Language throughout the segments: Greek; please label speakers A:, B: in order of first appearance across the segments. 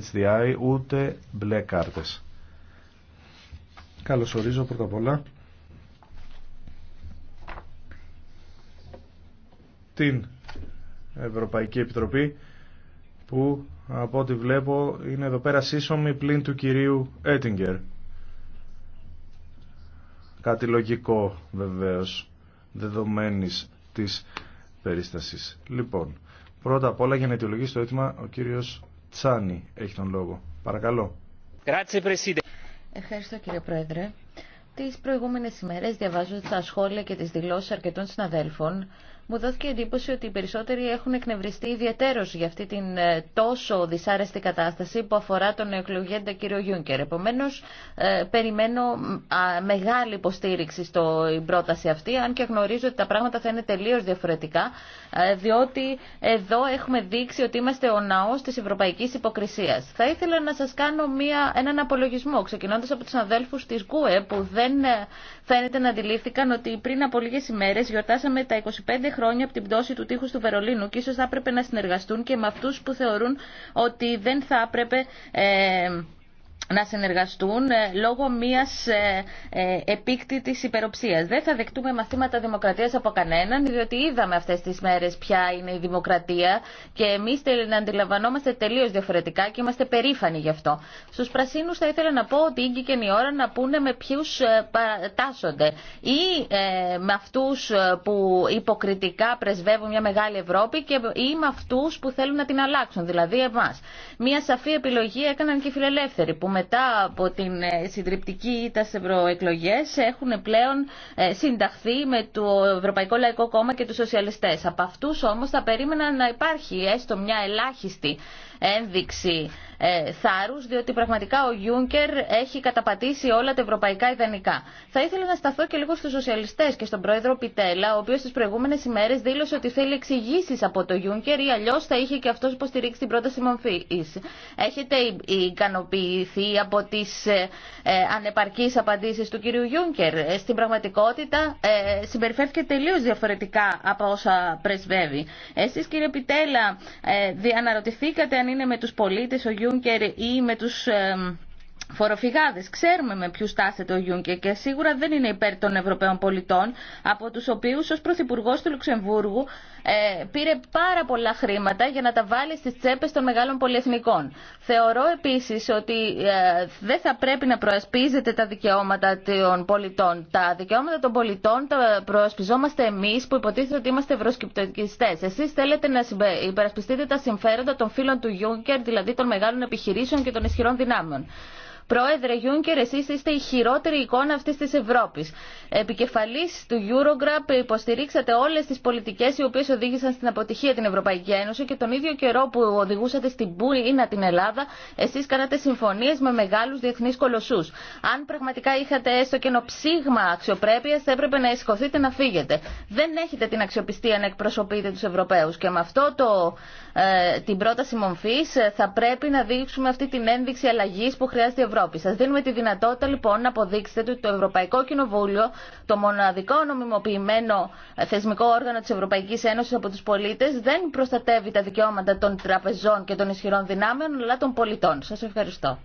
A: Catch ούτε μπλε κάρτες. Καλωσορίζω πρώτα απ' όλα την Ευρωπαϊκή Επιτροπή που από ό,τι βλέπω είναι εδώ πέρα σύσσωμη πλην του κυρίου Έτιγκερ. Κάτι λογικό βεβαίως δεδομένης της περίστασης. Λοιπόν, πρώτα απ' όλα για να αιτιολογήσει το αίτημα ο κύριος Τσάνι έχει τον λόγο. Παρακαλώ.
B: Ευχαριστώ κύριε Πρόεδρε. τι προηγούμενε ημέρε, διαβάζοντα τα σχόλια και τι δηλώσει αρκετών συναδέλφων, μου δόθηκε εντύπωση ότι οι περισσότεροι έχουν εκνευριστεί ιδιαίτερω για αυτή την ε, τόσο δυσάρεστη κατάσταση που αφορά τον εκλογέντα κύριο Γιούνκερ. Επομένω, ε, περιμένω μεγάλη υποστήριξη στην πρόταση αυτή, αν και γνωρίζω ότι τα πράγματα θα είναι τελείω διαφορετικά ε, διότι εδώ έχουμε δείξει ότι είμαστε ο ναός της ευρωπαϊκής υποκρισίας. Θα ήθελα να σας κάνω μία, έναν απολογισμό, ξεκινώντας από τους αδέλφους της ΚΟΕ, που δεν ε, φαίνεται να αντιλήφθηκαν ότι πριν από λίγες ημέρες γιορτάσαμε τα 25 χρόνια από την πτώση του τείχους του Βερολίνου και ίσως θα έπρεπε να συνεργαστούν και με αυτούς που θεωρούν ότι δεν θα έπρεπε... Ε, να συνεργαστούν ε, λόγω μιας ε, ε, επίκτητης υπεροψίας. Δεν θα δεχτούμε μαθήματα δημοκρατίας από κανέναν, διότι είδαμε αυτές τις μέρες ποια είναι η δημοκρατία και εμείς να αντιλαμβανόμαστε τελείως διαφορετικά και είμαστε περήφανοι γι' αυτό. Στους πρασίνους θα ήθελα να πω ότι ήγηκε η ώρα να πούνε με ποιους τάσσονται ή με αυτούς που υποκριτικά πρεσβεύουν μια μεγάλη Ευρώπη και ή με αυτούς που θέλουν να την αλλάξουν, δηλαδή εμάς. Μια σαφή επιλογή έκαναν και οι φιλελεύθεροι που με μετά από την ε, συντριπτική ήττα σε ευρωεκλογέ έχουν πλέον ε, συνταχθεί με το Ευρωπαϊκό Λαϊκό Κόμμα και του Σοσιαλιστέ. Από αυτού όμω θα περίμεναν να υπάρχει έστω μια ελάχιστη ένδειξη ε, διότι πραγματικά ο Γιούνκερ έχει καταπατήσει όλα τα ευρωπαϊκά ιδανικά. Θα ήθελα να σταθώ και λίγο στου σοσιαλιστές και στον πρόεδρο Πιτέλα, ο οποίο στις προηγούμενε ημέρε δήλωσε ότι θέλει εξηγήσει από το Γιούνκερ ή αλλιώ θα είχε και αυτός υποστηρίξει την πρόταση μορφή. Έχετε ικανοποιηθεί από τι ε, ε, ανεπαρκείς απαντήσεις του κυρίου Γιούνκερ. Ε, στην πραγματικότητα ε, συμπεριφέρθηκε τελείως διαφορετικά από όσα πρεσβεύει. Εσείς κύριε Πιτέλα ε, αναρωτηθήκατε αν είναι με τους πολίτες ο Γιούνκερ Juncker ή με τους ε, φοροφυγάδες. Ξέρουμε με ποιους τάσεται ο Γιούγκερ και σίγουρα δεν είναι υπέρ των Ευρωπαίων πολιτών, από τους οποίους ως Πρωθυπουργός του Λουξεμβούργου ε, πήρε πάρα πολλά χρήματα για να τα βάλει στις τσέπες των μεγάλων πολυεθνικών. Θεωρώ επίσης ότι ε, δεν θα πρέπει να προασπίζεται τα δικαιώματα των πολιτών. Τα δικαιώματα των πολιτών τα προασπιζόμαστε εμείς που υποτίθεται ότι είμαστε ευρωσκεπτικιστές. Εσείς θέλετε να υπερασπιστείτε τα συμφέροντα των φίλων του Γιούνκερ, δηλαδή των μεγάλων επιχειρήσεων και των ισχυρών δυνάμεων. Πρόεδρε Γιούνκερ, εσείς είστε η χειρότερη εικόνα αυτής της Ευρώπης. Επικεφαλής του Eurogroup υποστηρίξατε όλες τις πολιτικές οι οποίες οδήγησαν στην αποτυχία την Ευρωπαϊκή Ένωση και τον ίδιο καιρό που οδηγούσατε στην Πούλη να την Ελλάδα, εσείς κάνατε συμφωνίες με μεγάλους διεθνείς κολοσσούς. Αν πραγματικά είχατε έστω και ένα ψήγμα αξιοπρέπειας, θα έπρεπε να εσηκωθείτε να φύγετε. Δεν έχετε την αξιοπιστία να εκπροσωπείτε τους Ευρωπαίους και με αυτό το, ε, την πρόταση μομφή ε, θα πρέπει να δείξουμε αυτή την ένδειξη αλλαγή που χρειάζεται η Ευρώπη. Σα δίνουμε τη δυνατότητα λοιπόν να αποδείξετε ότι το Ευρωπαϊκό Κοινοβούλιο, το μοναδικό νομιμοποιημένο ε, θεσμικό όργανο τη Ευρωπαϊκή Ένωση από του πολίτε, δεν προστατεύει τα δικαιώματα των τραπεζών και των ισχυρών δυνάμεων, αλλά των πολιτών. Σα ευχαριστώ.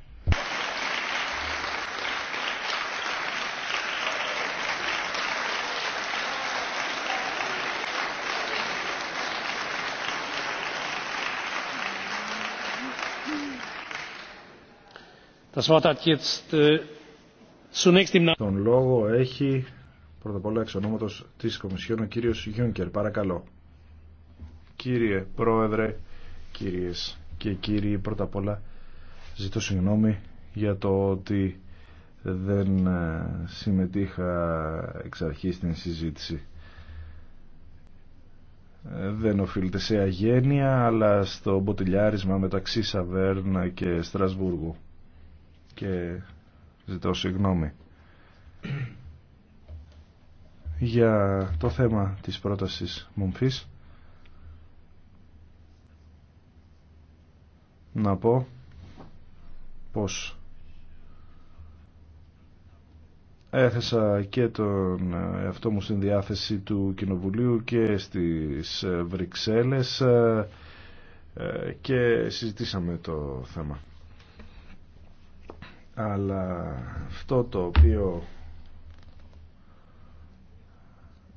C: Äh, Τον λόγο
A: έχει πρώτα απ' όλα εξ ονόματος της Κομισιόν ο κύριος Γιούνκερ. Παρακαλώ. Κύριε Πρόεδρε, κυρίες και κύριοι, πρώτα απ' όλα ζητώ συγγνώμη για το ότι δεν ε, συμμετείχα εξ αρχής στην συζήτηση. Δεν οφείλεται σε αγένεια, αλλά στο μποτιλιάρισμα μεταξύ Σαβέρνα και Στρασβούργου και ζητώ συγγνώμη για το θέμα της πρότασης Μομφής να πω πως έθεσα και τον εαυτό μου στην διάθεση του Κοινοβουλίου και στις Βρυξέλλες ε, και συζητήσαμε το θέμα αλλά αυτό το οποίο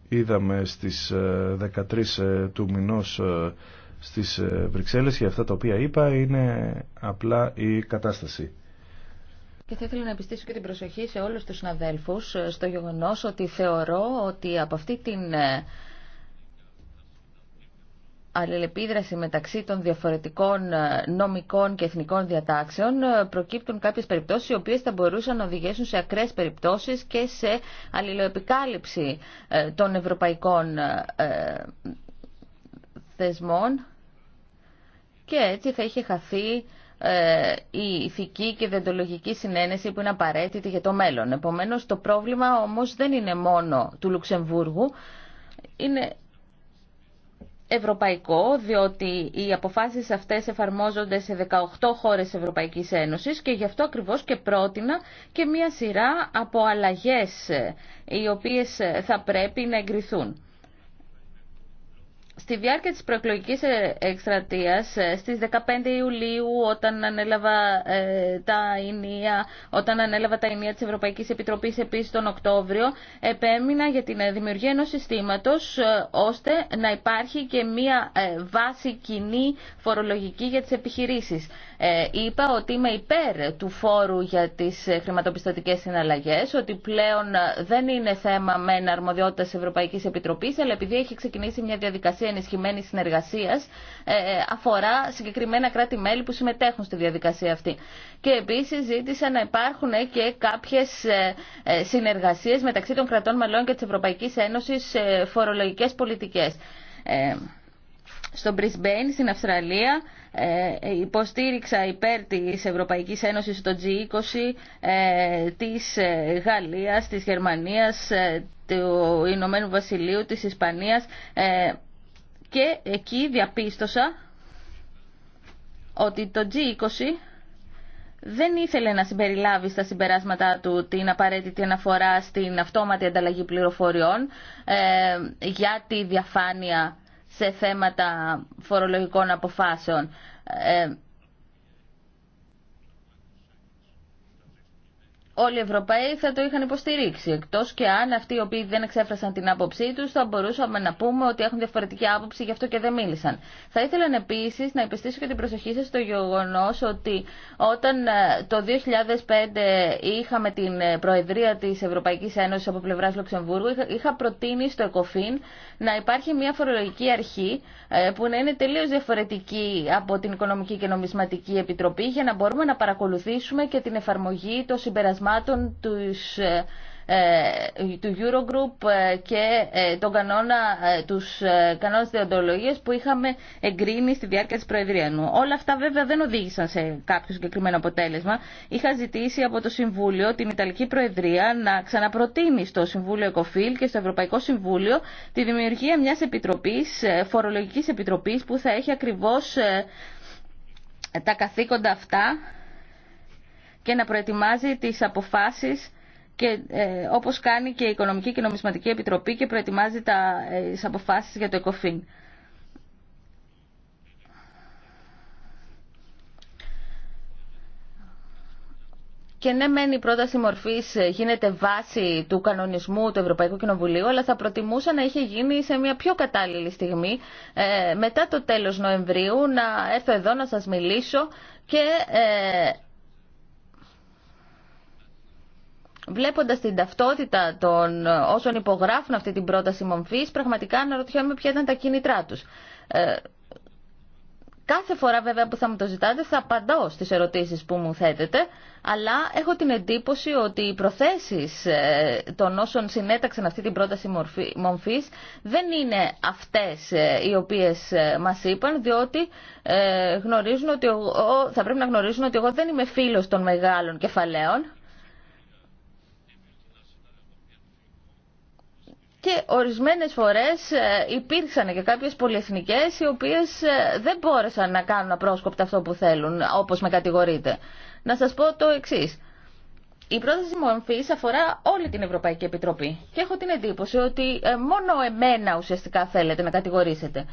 A: είδαμε στις 13 ε, ε, του μηνός ε, στις Βρυξέλλες και αυτά τα οποία είπα είναι απλά η κατάσταση.
B: Και θα ήθελα να επιστήσω και την προσοχή σε όλους τους συναδέλφους στο γεγονός ότι θεωρώ ότι από αυτή την αλληλεπίδραση μεταξύ των διαφορετικών ε, νομικών και εθνικών διατάξεων ε, προκύπτουν κάποιες περιπτώσεις οι οποίες θα μπορούσαν να οδηγήσουν σε ακραίες περιπτώσεις και σε αλληλοεπικάλυψη ε, των ευρωπαϊκών θεσμών και έτσι θα είχε χαθεί η ηθική και δεντολογική συνένεση που είναι απαραίτητη για το μέλλον. Επομένως το πρόβλημα όμως δεν είναι μόνο του Λουξεμβούργου, είναι ευρωπαϊκό, διότι οι αποφάσεις αυτές εφαρμόζονται σε 18 χώρες Ευρωπαϊκής Ένωσης και γι' αυτό ακριβώς και πρότεινα και μία σειρά από αλλαγές ε, οι οποίες ε, θα πρέπει να εγκριθούν. Στη διάρκεια της προεκλογικής ε, εκστρατείας, ε, στις 15 Ιουλίου, όταν ανέλαβα ε, τα ηνία, όταν ανέλαβα τα ηνία της Ευρωπαϊκής Επιτροπής επίσης τον Οκτώβριο, επέμεινα για την δημιουργία ενός συστήματος, ώστε να υπάρχει και μία βάση κοινή φορολογική για τις επιχειρήσεις. Ε, είπα ότι είμαι υπέρ του φόρου για τις χρηματοπιστωτικές συναλλαγές, ότι πλέον ε, δεν είναι θέμα με αρμοδιότητα της Ευρωπαϊκής Επιτροπής, αλλά επειδή έχει ξεκινήσει μια διαδικασία ενισχυμένης συνεργασίας, ε, αφορά συγκεκριμένα κράτη-μέλη που συμμετέχουν στη διαδικασία αυτή. Και επίσης ζήτησα να υπάρχουν και κάποιες συνεργασίες μεταξύ των κρατών μελών και της Ευρωπαϊκής Ένωσης φορολογικές πολιτικές. στο Brisbane, στην Αυστραλία, ε, υποστήριξα υπέρ της Ευρωπαϊκής Ένωσης το G20 ε, της ε, Γαλλίας, της Γερμανίας, του Ηνωμένου Βασιλείου, της Ισπανίας και εκεί διαπίστωσα ότι το G20 δεν ήθελε να συμπεριλάβει στα συμπεράσματά του την απαραίτητη αναφορά στην αυτόματη ανταλλαγή πληροφοριών για τη διαφάνεια σε θέματα φορολογικών αποφάσεων. Ε, όλοι οι Ευρωπαίοι θα το είχαν υποστηρίξει. Εκτό και αν αυτοί οι οποίοι δεν εξέφρασαν την άποψή του, θα μπορούσαμε να πούμε ότι έχουν διαφορετική άποψη, γι' αυτό και δεν μίλησαν. Θα ήθελα επίση να επιστήσω και την προσοχή σα στο γεγονό ότι όταν ε, το 2005 είχαμε την ε, Προεδρία τη Ευρωπαϊκή Ένωση από πλευρά Λουξεμβούργου, είχα προτείνει στο ΕΚΟΦΗΝ να υπάρχει μια φορολογική αρχή ε, που να είναι τελείω διαφορετική από την Οικονομική και Νομισματική Επιτροπή για να μπορούμε να παρακολουθήσουμε και την εφαρμογή των συμπερασμάτων ε, ε, του Eurogroup ε, και τον κανόνα, τους κανόνες διοντολογίας που είχαμε εγκρίνει στη διάρκεια της Προεδρίας μου. Όλα αυτά βέβαια δεν οδήγησαν σε κάποιο συγκεκριμένο αποτέλεσμα. Είχα ζητήσει από το Συμβούλιο την Ιταλική Προεδρία να ξαναπροτείνει στο Συμβούλιο Εκοφίλ και στο Ευρωπαϊκό Συμβούλιο τη δημιουργία μιας επιτροπής, φορολογικής επιτροπής που θα έχει ακριβώς τα καθήκοντα αυτά και να προετοιμάζει τις αποφάσεις και, ε, όπως κάνει και η Οικονομική και Νομισματική Επιτροπή και προετοιμάζει τα, ε, τις αποφάσεις για το ΕΚΟΦΗΝ. Και ναι, μενει η πρόταση μορφή ε, γίνεται βάση του κανονισμού του Ευρωπαϊκού Κοινοβουλίου, αλλά θα προτιμούσα να είχε γίνει σε μια πιο κατάλληλη στιγμή, ε, μετά το τέλο Νοεμβρίου, να έρθω εδώ να σα μιλήσω και Βλέποντα την ταυτότητα των ε, όσων υπογράφουν αυτή την πρόταση μομφή, πραγματικά αναρωτιόμαι ποια ήταν τα κίνητρά του. Ε, κάθε φορά βέβαια που θα μου το ζητάτε θα απαντώ στις ερωτήσεις που μου θέτετε, αλλά έχω την εντύπωση ότι οι προθέσεις ε, των όσων συνέταξαν αυτή την πρόταση μομφής δεν είναι αυτές ε, οι οποίες μας είπαν, διότι ότι θα πρέπει να γνωρίζουν ότι εγώ δεν είμαι φίλος των μεγάλων κεφαλαίων, και ορισμένες φορές ε, υπήρξαν και κάποιες πολυεθνικές οι οποίες ε, δεν μπόρεσαν να κάνουν απρόσκοπτα αυτό που θέλουν, όπως με κατηγορείτε. Να σας πω το εξής. Η πρόταση μορφή αφορά όλη την Ευρωπαϊκή Επιτροπή. Και έχω την εντύπωση ότι ε, μόνο εμένα ουσιαστικά θέλετε να κατηγορήσετε.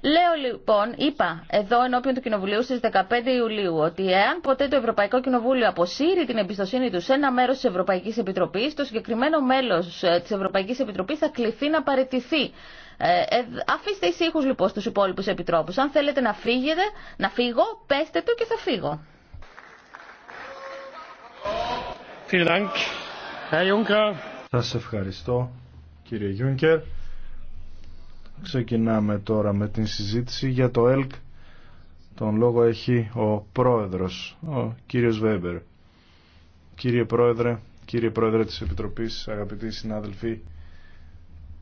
B: Λέω λοιπόν, είπα εδώ ενώπιον του Κοινοβουλίου στις 15 Ιουλίου ότι εάν ποτέ το Ευρωπαϊκό Κοινοβούλιο αποσύρει την εμπιστοσύνη του σε ένα μέρος της Ευρωπαϊκής Επιτροπής, το συγκεκριμένο μέλος ε, της Ευρωπαϊκής Επιτροπής θα κληθεί να παραιτηθεί. Ε, ε αφήστε ησύχου λοιπόν στους υπόλοιπους επιτρόπους. Αν θέλετε να φύγετε, να φύγω, πέστε το και θα φύγω.
A: Σας ευχαριστώ κύριε Γιούνκερ. Ξεκινάμε τώρα με την συζήτηση για το ΕΛΚ. Τον λόγο έχει ο πρόεδρος, ο κύριος Βέμπερ. Κύριε πρόεδρε, κύριε πρόεδρε της Επιτροπής, αγαπητοί συνάδελφοι,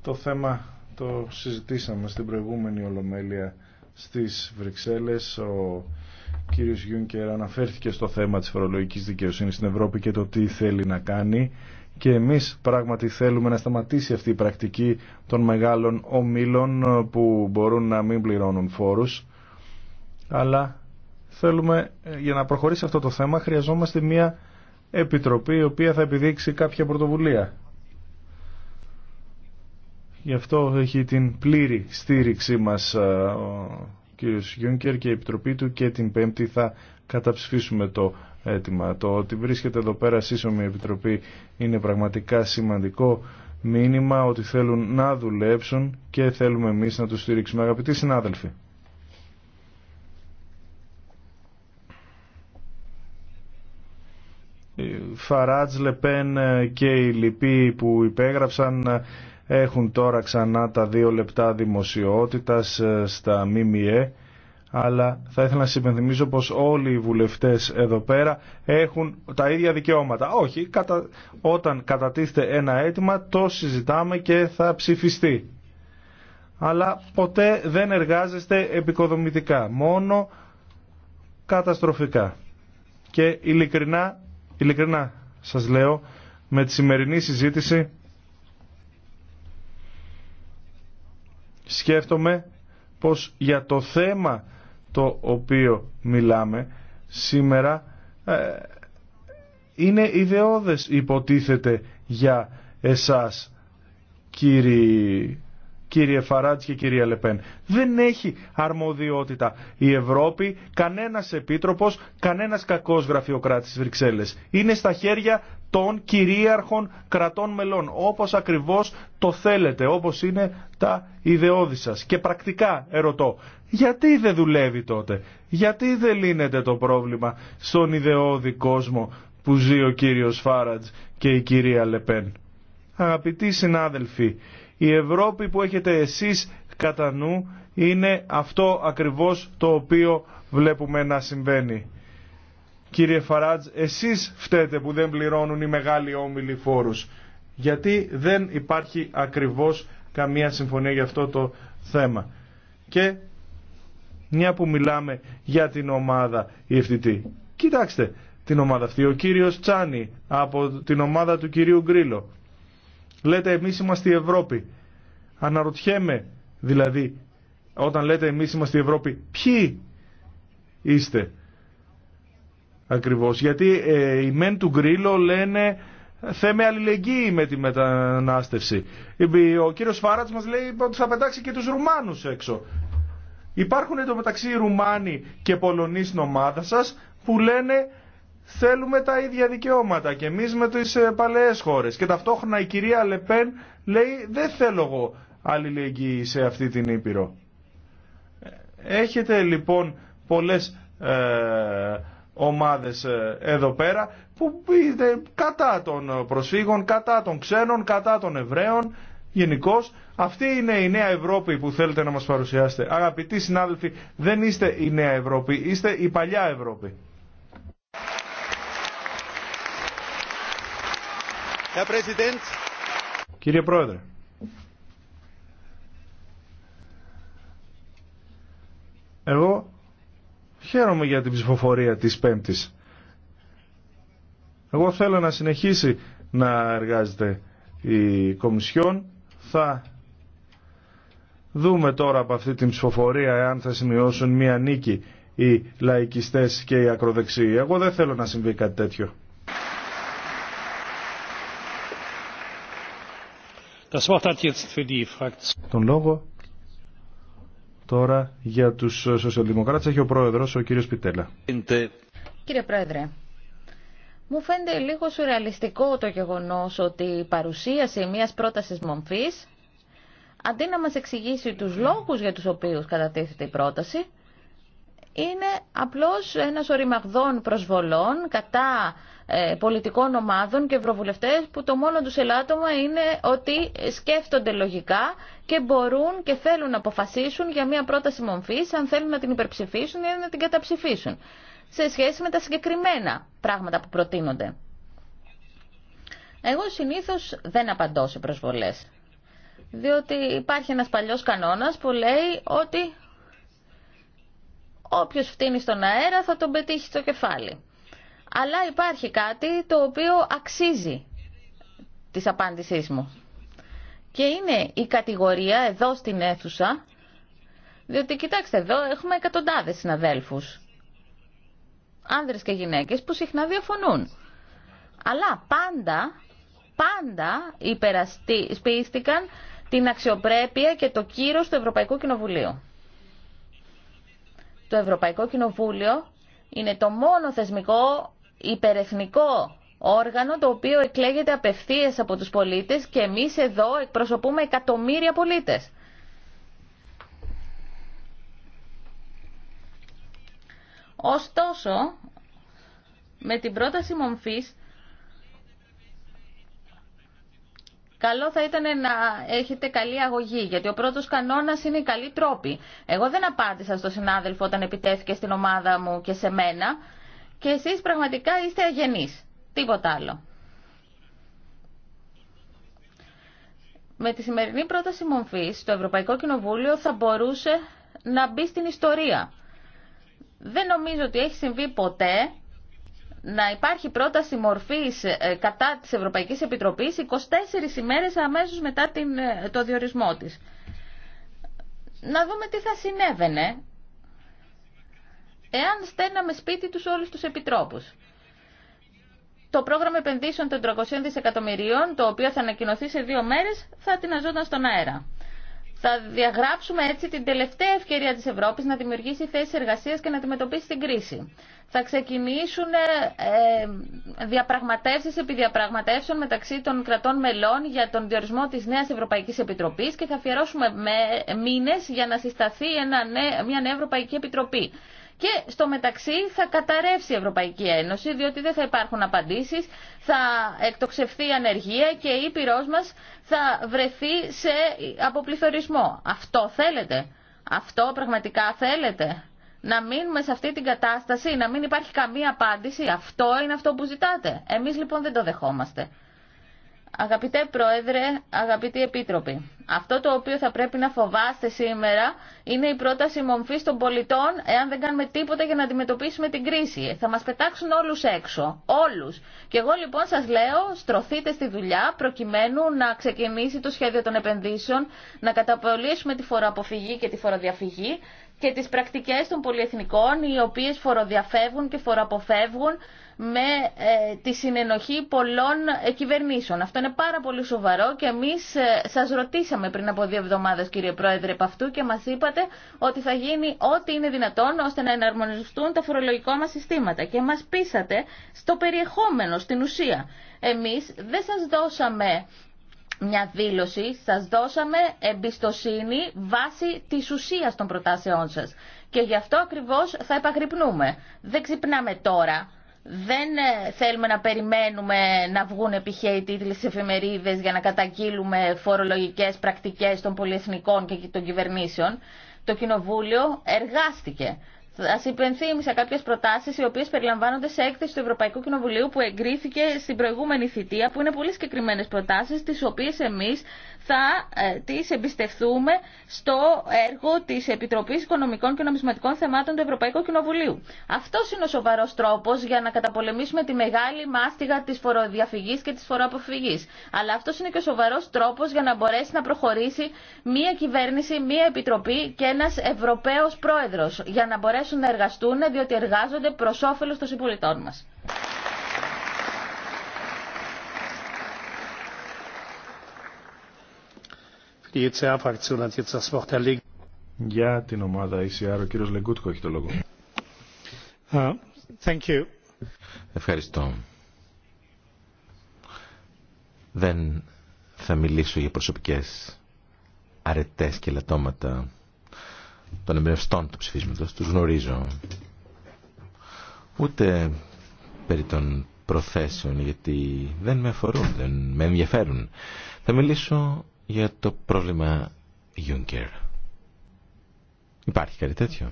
A: το θέμα το συζητήσαμε στην προηγούμενη Ολομέλεια στις Βρυξέλλες. Ο κύριος Γιούνκερ αναφέρθηκε στο θέμα της φορολογικής δικαιοσύνης στην Ευρώπη και το τι θέλει να κάνει και εμείς πράγματι θέλουμε να σταματήσει αυτή η πρακτική των μεγάλων ομίλων ε, που μπορούν να μην πληρώνουν φόρους αλλά θέλουμε ε, για να προχωρήσει αυτό το θέμα χρειαζόμαστε μια επιτροπή η οποία θα επιδείξει κάποια πρωτοβουλία. Γι' αυτό έχει την πλήρη στήριξή μας ε, ο κύριος Γιούνκερ και η επιτροπή του και την Πέμπτη θα καταψηφίσουμε το το ότι βρίσκεται εδώ πέρα σύσσωμη επιτροπή είναι πραγματικά σημαντικό μήνυμα ότι θέλουν να δουλέψουν και θέλουμε εμείς να τους στηρίξουμε. Αγαπητοί συνάδελφοι. Φαράτζ, Λεπέν και οι λοιποί που υπέγραψαν έχουν τώρα ξανά τα δύο λεπτά δημοσιότητας ε, στα ΜΜΕ αλλά θα ήθελα να σα υπενθυμίζω πως όλοι οι βουλευτές εδώ πέρα έχουν τα ίδια δικαιώματα. Όχι, κατα... όταν κατατίθεται ένα αίτημα το συζητάμε και θα ψηφιστεί. Αλλά ποτέ δεν εργάζεστε επικοδομητικά, μόνο καταστροφικά. Και ειλικρινά, ειλικρινά σας λέω, με τη σημερινή συζήτηση σκέφτομαι πως για το θέμα το οποίο μιλάμε σήμερα ε, είναι ιδεώδες υποτίθεται για εσάς κύριοι κύριε Φαράτζ και κυρία Λεπέν. Δεν έχει αρμοδιότητα η Ευρώπη, κανένας επίτροπος, κανένας κακός γραφειοκράτης της Βρυξέλλες. Είναι στα χέρια των κυρίαρχων κρατών μελών, όπως ακριβώς το θέλετε, όπως είναι τα ιδεώδη σας. Και πρακτικά ερωτώ, γιατί δεν δουλεύει τότε, γιατί δεν λύνεται το πρόβλημα στον ιδεώδη κόσμο που ζει ο κύριος Φάραντς και η κυρία Λεπέν. Αγαπητοί συνάδελφοι, η Ευρώπη που έχετε εσείς κατά νου είναι αυτό ακριβώς το οποίο βλέπουμε να συμβαίνει. Κύριε Φαράτζ, εσείς φταίτε που δεν πληρώνουν οι μεγάλοι όμιλοι φόρους. Γιατί δεν υπάρχει ακριβώς καμία συμφωνία για αυτό το θέμα. Και μια που μιλάμε για την ομάδα EFTT. Κοιτάξτε την ομάδα αυτή. Ο κύριος Τσάνι από την ομάδα του κυρίου Γκρίλο. Λέτε εμείς είμαστε η Ευρώπη. Αναρωτιέμαι δηλαδή όταν λέτε εμείς είμαστε η Ευρώπη ποιοι είστε ακριβώς. Γιατί ε, οι μεν του Γκρίλο λένε θέμε αλληλεγγύη με τη μετανάστευση. Ο κύριος Φάρατς μας λέει ότι θα πετάξει και τους Ρουμάνους έξω. Υπάρχουν εντωμεταξύ Ρουμάνοι και Πολωνοί στην ομάδα σας που λένε θέλουμε τα ίδια δικαιώματα και εμεί με τις ε, παλαιές χώρες. Και ταυτόχρονα η κυρία Λεπέν λέει δεν θέλω εγώ αλληλεγγύη σε αυτή την Ήπειρο. Ε, έχετε λοιπόν πολλές ε, ομάδες ε, εδώ πέρα που είναι κατά των προσφύγων, κατά των ξένων, κατά των Εβραίων γενικώ. Αυτή είναι η νέα Ευρώπη που θέλετε να μας παρουσιάσετε. Αγαπητοί συνάδελφοι, δεν είστε η νέα Ευρώπη, είστε η παλιά Ευρώπη. Κύριε Πρόεδρε. Εγώ χαίρομαι για την ψηφοφορία της Πέμπτης. Εγώ θέλω να συνεχίσει να εργάζεται η Κομισιόν. Θα δούμε τώρα από αυτή την ψηφοφορία εάν θα σημειώσουν μία νίκη οι λαϊκιστές και οι ακροδεξιοί. Εγώ δεν θέλω να συμβεί κάτι τέτοιο. Τον λόγο τώρα για τους ε, σοσιαλδημοκράτες έχει ο πρόεδρος, ο κύριος Πιτέλα.
B: Κύριε Πρόεδρε, μου φαίνεται λίγο σουρεαλιστικό το γεγονός ότι η παρουσίαση μιας πρότασης μομφής, αντί να μας εξηγήσει τους λόγους για τους οποίους κατατίθεται η πρόταση, είναι απλώς ένας οριμαγδόν προσβολών κατά ε, πολιτικών ομάδων και ευρωβουλευτέ που το μόνο του ελάττωμα είναι ότι σκέφτονται λογικά και μπορούν και θέλουν να αποφασίσουν για μια πρόταση μορφή αν θέλουν να την υπερψηφίσουν ή να την καταψηφίσουν σε σχέση με τα συγκεκριμένα πράγματα που προτείνονται. Εγώ συνήθως δεν απαντώ σε προσβολές. Διότι υπάρχει ένας παλιός κανόνας που λέει ότι όποιος φτύνει στον αέρα θα τον πετύχει στο κεφάλι αλλά υπάρχει κάτι το οποίο αξίζει της απάντησής μου. Και είναι η κατηγορία εδώ στην αίθουσα, διότι κοιτάξτε εδώ έχουμε εκατοντάδες συναδέλφους, άνδρες και γυναίκες που συχνά διαφωνούν. Αλλά πάντα, πάντα υπερασπίστηκαν την αξιοπρέπεια και το κύρος του Ευρωπαϊκού Κοινοβουλίου. Το Ευρωπαϊκό Κοινοβούλιο είναι το μόνο θεσμικό υπερεθνικό όργανο το οποίο εκλέγεται απευθείας από τους πολίτες και εμείς εδώ εκπροσωπούμε εκατομμύρια πολίτες. Ωστόσο, με την πρόταση μομφής, Καλό θα ήταν να έχετε καλή αγωγή, γιατί ο πρώτος κανόνας είναι οι καλοί τρόποι. Εγώ δεν απάντησα στον συνάδελφο όταν επιτέθηκε στην ομάδα μου και σε μένα και εσείς πραγματικά είστε αγενείς. Τίποτα άλλο. Με τη σημερινή πρόταση μορφής, το Ευρωπαϊκό Κοινοβούλιο θα μπορούσε να μπει στην ιστορία. Δεν νομίζω ότι έχει συμβεί ποτέ να υπάρχει πρόταση μορφής ε, κατά της Ευρωπαϊκής Επιτροπής 24 ημέρες αμέσως μετά την, ε, το διορισμό της. Να δούμε τι θα συνέβαινε εάν στέλναμε σπίτι τους όλους τους επιτρόπους. Το πρόγραμμα επενδύσεων των 300 δισεκατομμυρίων, το οποίο θα ανακοινωθεί σε δύο μέρες, θα τυναζόταν στον αέρα. Θα διαγράψουμε έτσι την τελευταία ευκαιρία της Ευρώπης να δημιουργήσει θέσεις εργασίας και να αντιμετωπίσει την κρίση. Θα ξεκινήσουν ε, ε, διαπραγματεύσεις επί διαπραγματεύσεων μεταξύ των κρατών μελών για τον διορισμό της νέας Ευρωπαϊκής Επιτροπής και θα αφιερώσουμε μήνες για να συσταθεί μια νέα Ευρωπαϊκή Επιτροπή. Και στο μεταξύ θα καταρρεύσει η Ευρωπαϊκή Ένωση, διότι δεν θα υπάρχουν απαντήσεις, θα εκτοξευθεί η ανεργία και η πυρός μας θα βρεθεί σε αποπληθωρισμό. Αυτό θέλετε. Αυτό πραγματικά θέλετε. Να μείνουμε σε αυτή την κατάσταση, να μην υπάρχει καμία απάντηση. Αυτό είναι αυτό που ζητάτε. Εμείς λοιπόν δεν το δεχόμαστε. Αγαπητέ Πρόεδρε, αγαπητοί Επίτροποι, αυτό το οποίο θα πρέπει να φοβάστε σήμερα είναι η πρόταση μομφή των πολιτών εάν δεν κάνουμε τίποτα για να αντιμετωπίσουμε την κρίση. Θα μα πετάξουν όλου έξω. Όλου. Και εγώ λοιπόν σα λέω, στρωθείτε στη δουλειά προκειμένου να ξεκινήσει το σχέδιο των επενδύσεων, να καταπολύσουμε τη φοροαποφυγή και τη φοροδιαφυγή και τις πρακτικές των πολυεθνικών οι οποίες φοροδιαφεύγουν και φοροαποφεύγουν με ε, τη συνενοχή πολλών ε, κυβερνήσεων. Αυτό είναι πάρα πολύ σοβαρό και εμείς ε, σας ρωτήσαμε πριν από δύο εβδομάδες κύριε Πρόεδρε από αυτού και μας είπατε ότι θα γίνει ό,τι είναι δυνατόν ώστε να εναρμονιστούν τα φορολογικά μας συστήματα και μας πείσατε στο περιεχόμενο, στην ουσία. Εμείς δεν σας δώσαμε μια δήλωση, σας δώσαμε εμπιστοσύνη βάσει της ουσίας των προτάσεών σας. Και γι' αυτό ακριβώς θα επαγρυπνούμε. Δεν ξυπνάμε τώρα δεν ε, θέλουμε να περιμένουμε να βγουν επιχείρη οι τίτλοι στις εφημερίδες για να καταγγείλουμε φορολογικές πρακτικές των πολυεθνικών και των κυβερνήσεων. Το Κοινοβούλιο εργάστηκε. Α υπενθύμισα κάποιε προτάσει οι οποίε περιλαμβάνονται σε έκθεση του Ευρωπαϊκού Κοινοβουλίου που εγκρίθηκε στην προηγούμενη θητεία, που είναι πολύ συγκεκριμένε προτάσει, τι οποίε εμεί θα ε, τι εμπιστευτούμε στο έργο της Επιτροπής Οικονομικών και Νομισματικών Θεμάτων του Ευρωπαϊκού Κοινοβουλίου. Αυτό είναι ο σοβαρός τρόπος για να καταπολεμήσουμε τη μεγάλη μάστιγα της φοροδιαφυγής και της φοροαποφυγή. Αλλά αυτό είναι και ο σοβαρός τρόπος για να μπορέσει να προχωρήσει μία κυβέρνηση, μία επιτροπή και ένα Ευρωπαίος πρόεδρο, για να μπορέσουν να εργαστούν διότι εργάζονται προ όφελο των συμπολιτών μα.
C: Για την
A: ομάδα ECR, ο κύριος Λεγκούτκο έχει το λόγο.
C: Uh,
D: Ευχαριστώ. Δεν θα μιλήσω για προσωπικές αρετές και λατώματα των εμπνευστών του ψηφίσματος. Τους γνωρίζω. Ούτε περί των προθέσεων γιατί δεν με αφορούν, δεν με ενδιαφέρουν. Θα μιλήσω για το πρόβλημα Juncker. Υπάρχει κάτι τέτοιο.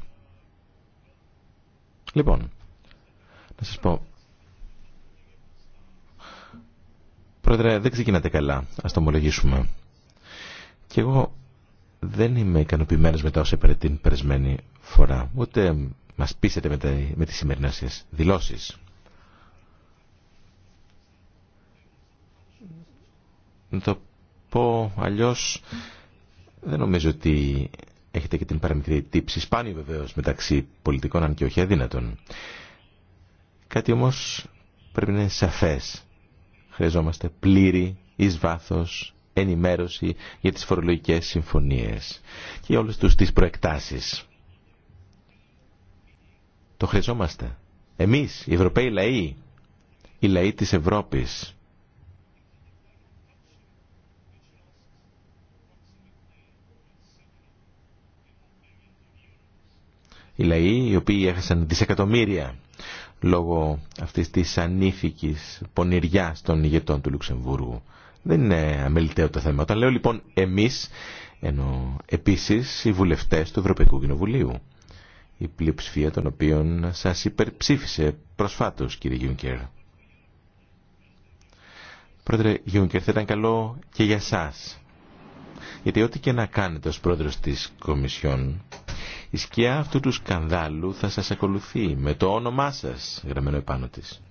D: Λοιπόν, να σας πω. Πρόεδρε, δεν ξεκινάτε καλά. Ας το ομολογήσουμε. Και εγώ δεν είμαι ικανοποιημένο μετά όσα είπατε την περασμένη φορά. Ούτε μας πείσετε με, τα, με τις σημερινές δηλώσεις. Να το πω αλλιώς δεν νομίζω ότι έχετε και την παραμικρή τύψη. Σπάνιο βεβαίως μεταξύ πολιτικών αν και όχι αδύνατων. Κάτι όμως πρέπει να είναι σαφές. Χρειαζόμαστε πλήρη εις βάθος ενημέρωση για τις φορολογικές συμφωνίες και όλε όλες τους τις προεκτάσεις. Το χρειαζόμαστε. Εμείς, οι Ευρωπαίοι λαοί, οι λαοί της Ευρώπης, οι λαοί οι οποίοι έχασαν δισεκατομμύρια λόγω αυτής της ανήθικης πονηριάς των ηγετών του Λουξεμβούργου. Δεν είναι αμεληταίο το θέμα. Όταν λέω λοιπόν εμείς, ενώ επίσης οι βουλευτές του Ευρωπαϊκού Κοινοβουλίου, η πλειοψηφία των οποίων σας υπερψήφισε προσφάτως κύριε Γιούνκερ. Πρόεδρε Γιούνκερ, θα ήταν καλό και για σας. Γιατί ό,τι και να κάνετε ως πρόεδρος της Κομισιόν, η σκιά αυτού του σκανδάλου θα σας ακολουθεί με το όνομά σας γραμμένο επάνω της.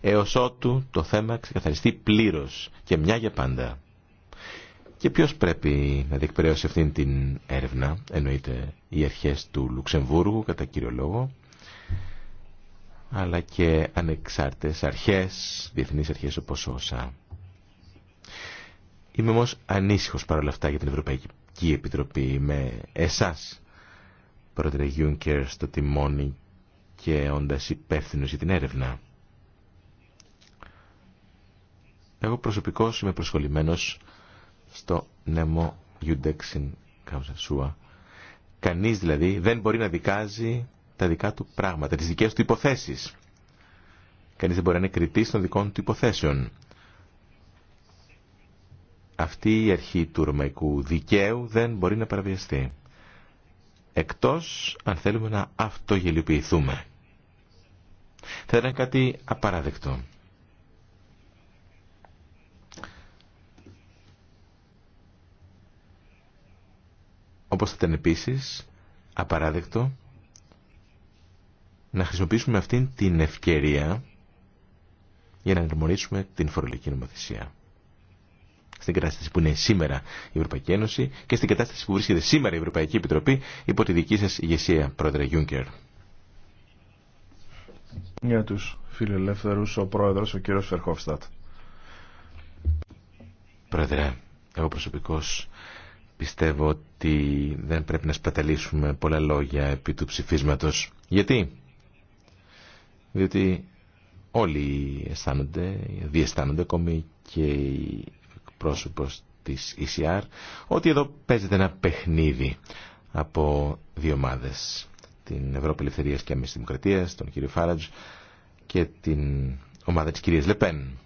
D: Έως ότου το θέμα ξεκαθαριστεί πλήρως και μια για πάντα. Και ποιος πρέπει να διεκπαιρέωσει αυτήν την έρευνα, εννοείται οι αρχές του Λουξεμβούργου κατά κύριο λόγο, αλλά και ανεξάρτητες αρχές, διεθνείς αρχές όπως όσα. Είμαι όμως ανήσυχος παρόλα αυτά για την Ευρωπαϊκή Επιτροπή με εσάς πρότεινε στο τιμόνι και όντας υπεύθυνο για την έρευνα. Εγώ προσωπικώς είμαι προσχολημενο στο νεμό Ιουντέξιν Καμσασούα. Κανείς δηλαδή δεν μπορεί να δικάζει τα δικά του πράγματα, τις δικές του υποθέσεις. Κανείς δεν μπορεί να είναι κριτής των δικών του υποθέσεων. Αυτή η αρχή του ρωμαϊκού δικαίου δεν μπορεί να παραβιαστεί εκτός αν θέλουμε να αυτογελιοποιηθούμε. Θα ήταν κάτι απαράδεκτο. Όπως θα ήταν επίσης απαράδεκτο να χρησιμοποιήσουμε αυτήν την ευκαιρία για να ενημερώσουμε την φορολογική νομοθεσία στην κατάσταση που είναι σήμερα η Ευρωπαϊκή Ένωση και στην κατάσταση που βρίσκεται σήμερα η Ευρωπαϊκή Επιτροπή υπό τη δική σας ηγεσία, Πρόεδρε Γιούνκερ.
A: Για τους φιλελεύθερους, ο Πρόεδρος, ο κύριος Φερχόφστατ.
D: Πρόεδρε, εγώ προσωπικώς πιστεύω ότι δεν πρέπει να σπαταλήσουμε πολλά λόγια επί του ψηφίσματος. Γιατί? Διότι όλοι αισθάνονται, διαισθάνονται ακόμη και οι εκπρόσωπος της ECR ότι εδώ παίζεται ένα παιχνίδι από δύο ομάδες την Ευρώπη Ελευθερίας και η Δημοκρατίας, τον κύριο Φάρατζ και την ομάδα της κυρίας Λεπέν.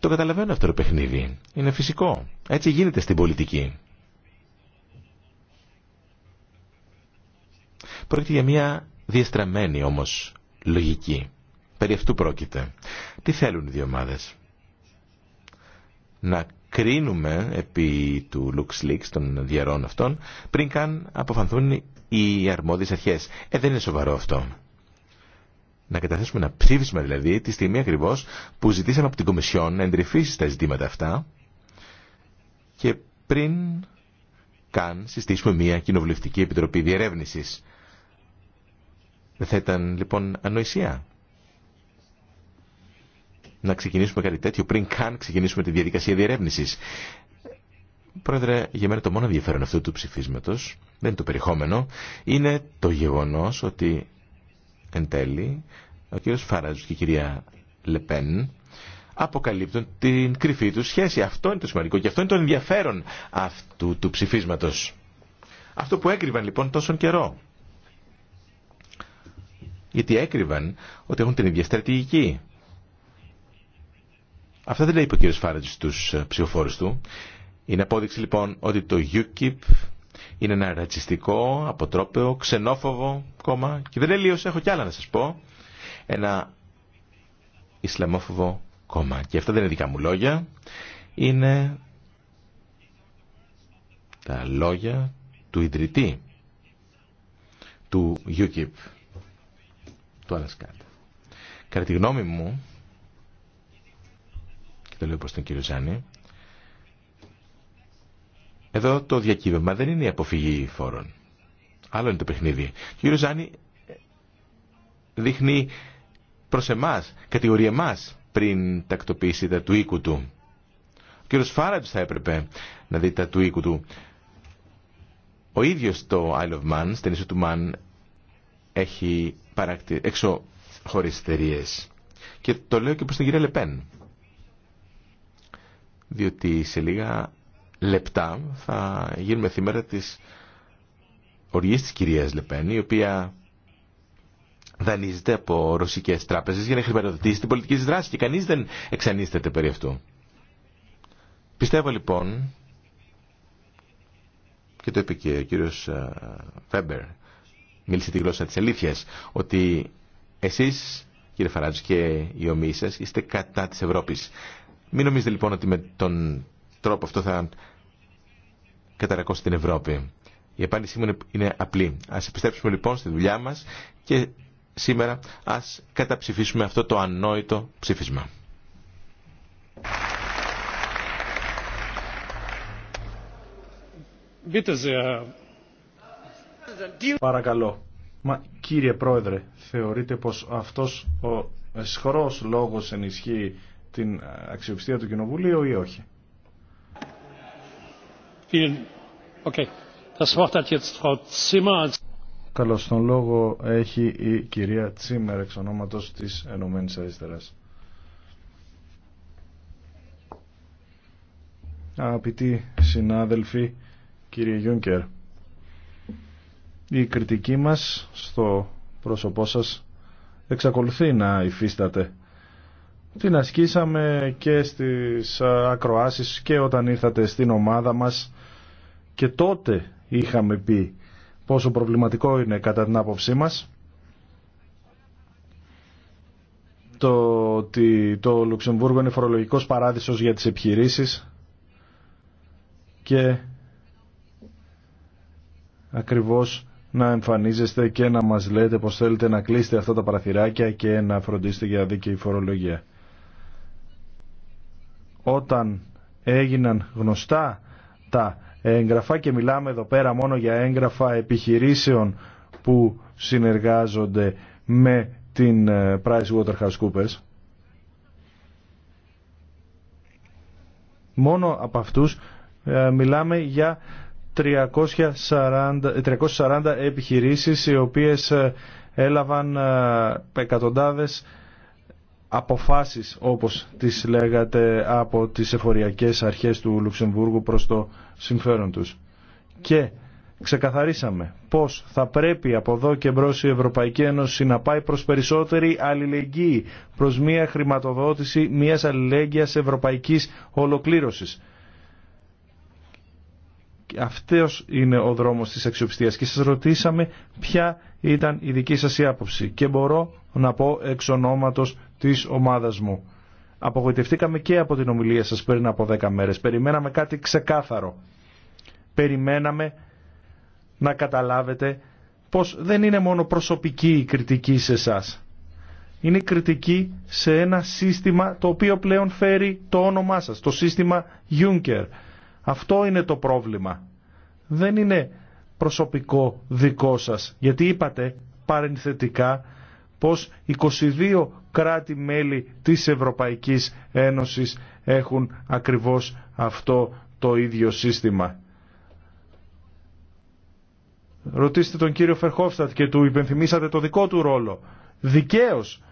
D: Το καταλαβαίνω αυτό το παιχνίδι. Είναι φυσικό. Έτσι γίνεται στην πολιτική. Πρόκειται για μια διεστραμμένη όμως λογική. Περί αυτού πρόκειται. Τι θέλουν οι δύο ομάδες να κρίνουμε επί του LuxLeaks των διαρών αυτών πριν καν αποφανθούν οι αρμόδιες αρχές. Ε, δεν είναι σοβαρό αυτό. Να καταθέσουμε ένα ψήφισμα δηλαδή τη στιγμή ακριβώς που ζητήσαμε από την Κομισιόν να εντρυφήσει τα ζητήματα αυτά και πριν καν συστήσουμε μια κοινοβουλευτική επιτροπή διερεύνησης. Δεν θα ήταν λοιπόν ανοησία να ξεκινήσουμε κάτι τέτοιο πριν καν ξεκινήσουμε τη διαδικασία διερεύνησης. Πρόεδρε, για μένα το μόνο ενδιαφέρον αυτού του ψηφίσματος, δεν είναι το περιεχόμενο, είναι το γεγονός ότι εν τέλει ο κύριος Φάραζος και η κυρία Λεπέν αποκαλύπτουν την κρυφή του σχέση. Αυτό είναι το σημαντικό και αυτό είναι το ενδιαφέρον αυτού του ψηφίσματος. Αυτό που έκρυβαν λοιπόν τόσον καιρό. Γιατί έκρυβαν ότι έχουν την ίδια στρατηγική. Αυτά δεν λέει ο κ. Φάρετζ στου ε, ψηφοφόρου του. Είναι απόδειξη λοιπόν ότι το UKIP είναι ένα ρατσιστικό, αποτρόπαιο, ξενόφοβο κόμμα και δεν λίγο έχω κι άλλα να σας πω. Ένα Ισλαμόφοβο κόμμα. Και αυτά δεν είναι δικά μου λόγια. Είναι τα λόγια του ιδρυτή του UKIP, του Αλασκάτ. Κατά τη γνώμη μου, το λέω προς τον κύριο Ζάνη, εδώ το διακύβευμα δεν είναι η αποφυγή φόρων. Άλλο είναι το παιχνίδι. Ο κύριο Ζάνη ε, δείχνει προς εμάς, κατηγορεί εμάς πριν τακτοποιήσει τα του οίκου του. Ο κύριος Φάραντς θα έπρεπε να δει τα του οίκου του. Ο ίδιος το Isle of Man, στην ίσο του Man, έχει παράκτη, έξω Και το λέω και προς την κυρία Λεπέν διότι σε λίγα λεπτά θα γίνουμε θύμερα της οργής της κυρίας Λεπέν, η οποία δανείζεται από ρωσικές τράπεζες για να χρηματοδοτήσει την πολιτική της δράση και κανείς δεν εξανίσταται περί αυτού. Πιστεύω λοιπόν, και το είπε και ο κύριος ε, Φέμπερ, μίλησε τη γλώσσα της αλήθειας, ότι εσείς κύριε Φαράτζ και οι ομοίοι σας είστε κατά της Ευρώπης. Μην νομίζετε λοιπόν ότι με τον τρόπο αυτό θα καταρακώσει την Ευρώπη. Η απάντησή μου είναι απλή. Ας επιστρέψουμε λοιπόν στη δουλειά μας και σήμερα ας καταψηφίσουμε αυτό το ανόητο ψήφισμα.
A: Παρακαλώ. Μα κύριε Πρόεδρε, θεωρείτε πως αυτός ο σχορός λόγος ενισχύει την αξιοπιστία του Κοινοβουλίου ή όχι. εξαιώματο τη Καλώς τον λόγο έχει η κυρία Τσίμερ εξ ονόματος της Ενωμένης Αριστεράς. Αγαπητοί συνάδελφοι, κύριε Γιούνκερ, η κριτική μας στο πρόσωπό σας εξακολουθεί να υφίσταται την ασκήσαμε και στις ακροάσεις και όταν ήρθατε στην ομάδα μας και τότε είχαμε πει πόσο προβληματικό είναι κατά την άποψή μας το ότι το Λουξεμβούργο είναι φορολογικός παράδεισος για τις επιχειρήσεις και ακριβώς να εμφανίζεστε και να μας λέτε πως θέλετε να κλείσετε αυτά τα παραθυράκια και να φροντίσετε για δίκαιη φορολογία όταν έγιναν γνωστά τα έγγραφα και μιλάμε εδώ πέρα μόνο για έγγραφα επιχειρήσεων που συνεργάζονται με την ε, PricewaterhouseCoopers. Μόνο από αυτούς ε, μιλάμε για 340, 340 επιχειρήσεις οι οποίες ε, έλαβαν εκατοντάδες αποφάσεις όπως τις λέγατε από τις εφοριακές αρχές του Λουξεμβούργου προς το συμφέρον τους. Και ξεκαθαρίσαμε πώς θα πρέπει από εδώ και μπρος η Ευρωπαϊκή Ένωση να πάει προς περισσότερη αλληλεγγύη, προς μια χρηματοδότηση μιας αλληλέγγυας ευρωπαϊκής ολοκλήρωσης. Αυτός είναι ο δρόμος της αξιοπιστία. και σας ρωτήσαμε ποια ήταν η δική σας άποψη και μπορώ να πω εξ ονόματος της ομάδας μου. Απογοητευτήκαμε και από την ομιλία σας πριν από 10 μέρες. Περιμέναμε κάτι ξεκάθαρο. Περιμέναμε να καταλάβετε πως δεν είναι μόνο προσωπική η κριτική σε εσά. Είναι κριτική σε ένα σύστημα το οποίο πλέον φέρει το όνομά σας, το σύστημα Juncker. Αυτό είναι το πρόβλημα. Δεν είναι προσωπικό δικό σας, γιατί είπατε παρενθετικά πως 22 κράτη-μέλη της Ευρωπαϊκής Ένωσης έχουν ακριβώς αυτό το ίδιο σύστημα. Ρωτήστε τον κύριο Φερχόφστατ και του υπενθυμίσατε το δικό του ρόλο. Δικαίως.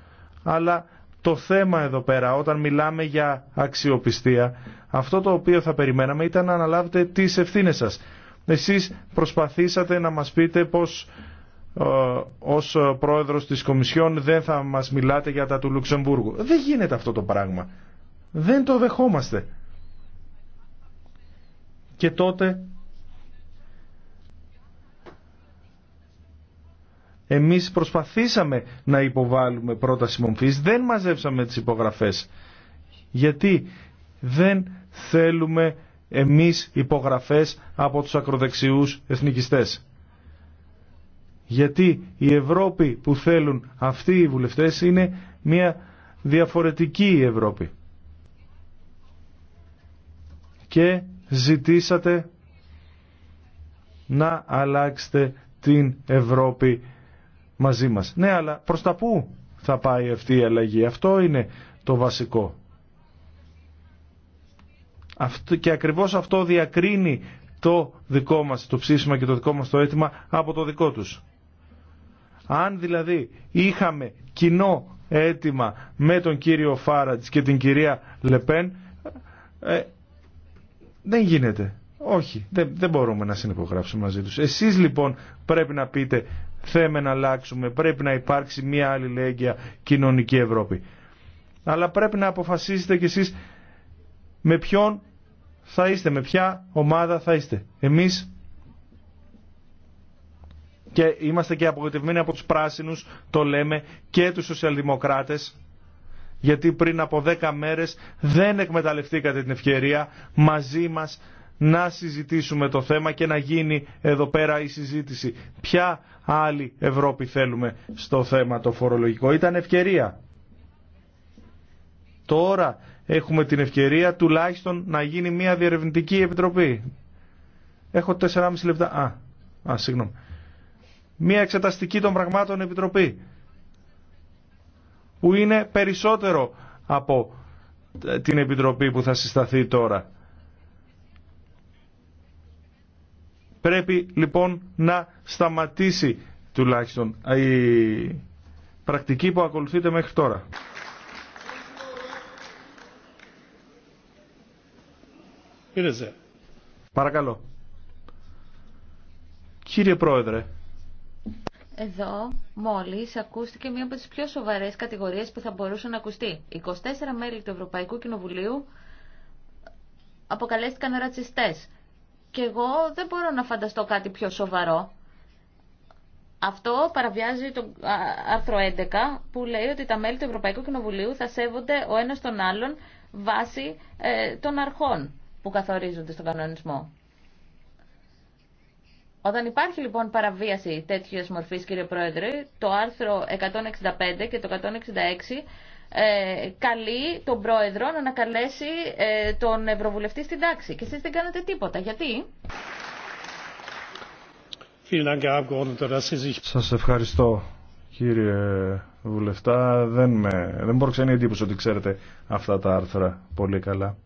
A: Αλλά το θέμα εδώ πέρα, όταν μιλάμε για αξιοπιστία, αυτό το οποίο θα περιμέναμε ήταν να αναλάβετε τις ευθύνες σας. Εσείς προσπαθήσατε να μας πείτε πως ε, ως πρόεδρος της Κομισιόν δεν θα μας μιλάτε για τα του Λουξεμβούργου. Δεν γίνεται αυτό το πράγμα. Δεν το δεχόμαστε. Και τότε εμείς προσπαθήσαμε να υποβάλουμε πρόταση μομφής, δεν μαζέψαμε τις υπογραφές. Γιατί δεν θέλουμε εμείς υπογραφές από τους ακροδεξιούς εθνικιστές γιατί η Ευρώπη που θέλουν αυτοί οι βουλευτές είναι μια διαφορετική Ευρώπη. Και ζητήσατε να αλλάξετε την Ευρώπη μαζί μας. Ναι, αλλά προς τα πού θα πάει αυτή η αλλαγή. Αυτό είναι το βασικό. Και ακριβώς αυτό διακρίνει το δικό μας το ψήσιμο και το δικό μας το αίτημα από το δικό τους. Αν δηλαδή είχαμε κοινό αίτημα με τον κύριο Φάρατς και την κυρία Λεπέν, ε, δεν γίνεται. Όχι, δεν, δεν μπορούμε να συνυπογράψουμε μαζί τους. Εσείς λοιπόν πρέπει να πείτε θέμε να αλλάξουμε, πρέπει να υπάρξει μια αλληλέγγυα κοινωνική Ευρώπη. Αλλά πρέπει να αποφασίσετε κι εσείς με ποιον θα είστε, με ποια ομάδα θα είστε. Εμείς και είμαστε και απογοητευμένοι από τους πράσινους, το λέμε, και τους σοσιαλδημοκράτες, γιατί πριν από 10 μέρες δεν εκμεταλλευτήκατε την ευκαιρία μαζί μας να συζητήσουμε το θέμα και να γίνει εδώ πέρα η συζήτηση. Ποια άλλη Ευρώπη θέλουμε στο θέμα το φορολογικό. Ήταν ευκαιρία. Τώρα έχουμε την ευκαιρία τουλάχιστον να γίνει μια διερευνητική επιτροπή. Έχω 4,5 λεπτά. Α, α συγγνώμη μια εξεταστική των πραγμάτων επιτροπή που είναι περισσότερο από ε, την επιτροπή που θα συσταθεί τώρα. Πρέπει λοιπόν να σταματήσει τουλάχιστον η πρακτική που ακολουθείται μέχρι τώρα. Παρακαλώ. Κύριε
B: Πρόεδρε, εδώ μόλις ακούστηκε μία από τις πιο σοβαρές κατηγορίες που θα μπορούσε να ακουστεί. 24 μέλη του Ευρωπαϊκού Κοινοβουλίου αποκαλέστηκαν ρατσιστές. Και εγώ δεν μπορώ να φανταστώ κάτι πιο σοβαρό. Αυτό παραβιάζει το άρθρο 11 που λέει ότι τα μέλη του Ευρωπαϊκού Κοινοβουλίου θα σέβονται ο ένας τον άλλον βάσει ε, των αρχών που καθορίζονται στον κανονισμό. Όταν υπάρχει λοιπόν παραβίαση τέτοιας μορφής, κύριε Πρόεδρε, το άρθρο 165 και το 166 ε, καλεί τον Πρόεδρο να ανακαλέσει ε, τον Ευρωβουλευτή στην τάξη. Και εσείς δεν κάνετε τίποτα. Γιατί?
A: Σας ευχαριστώ κύριε Βουλευτά. Δεν, με, δεν μπορώ ξανά εντύπωση ότι ξέρετε αυτά τα άρθρα πολύ καλά.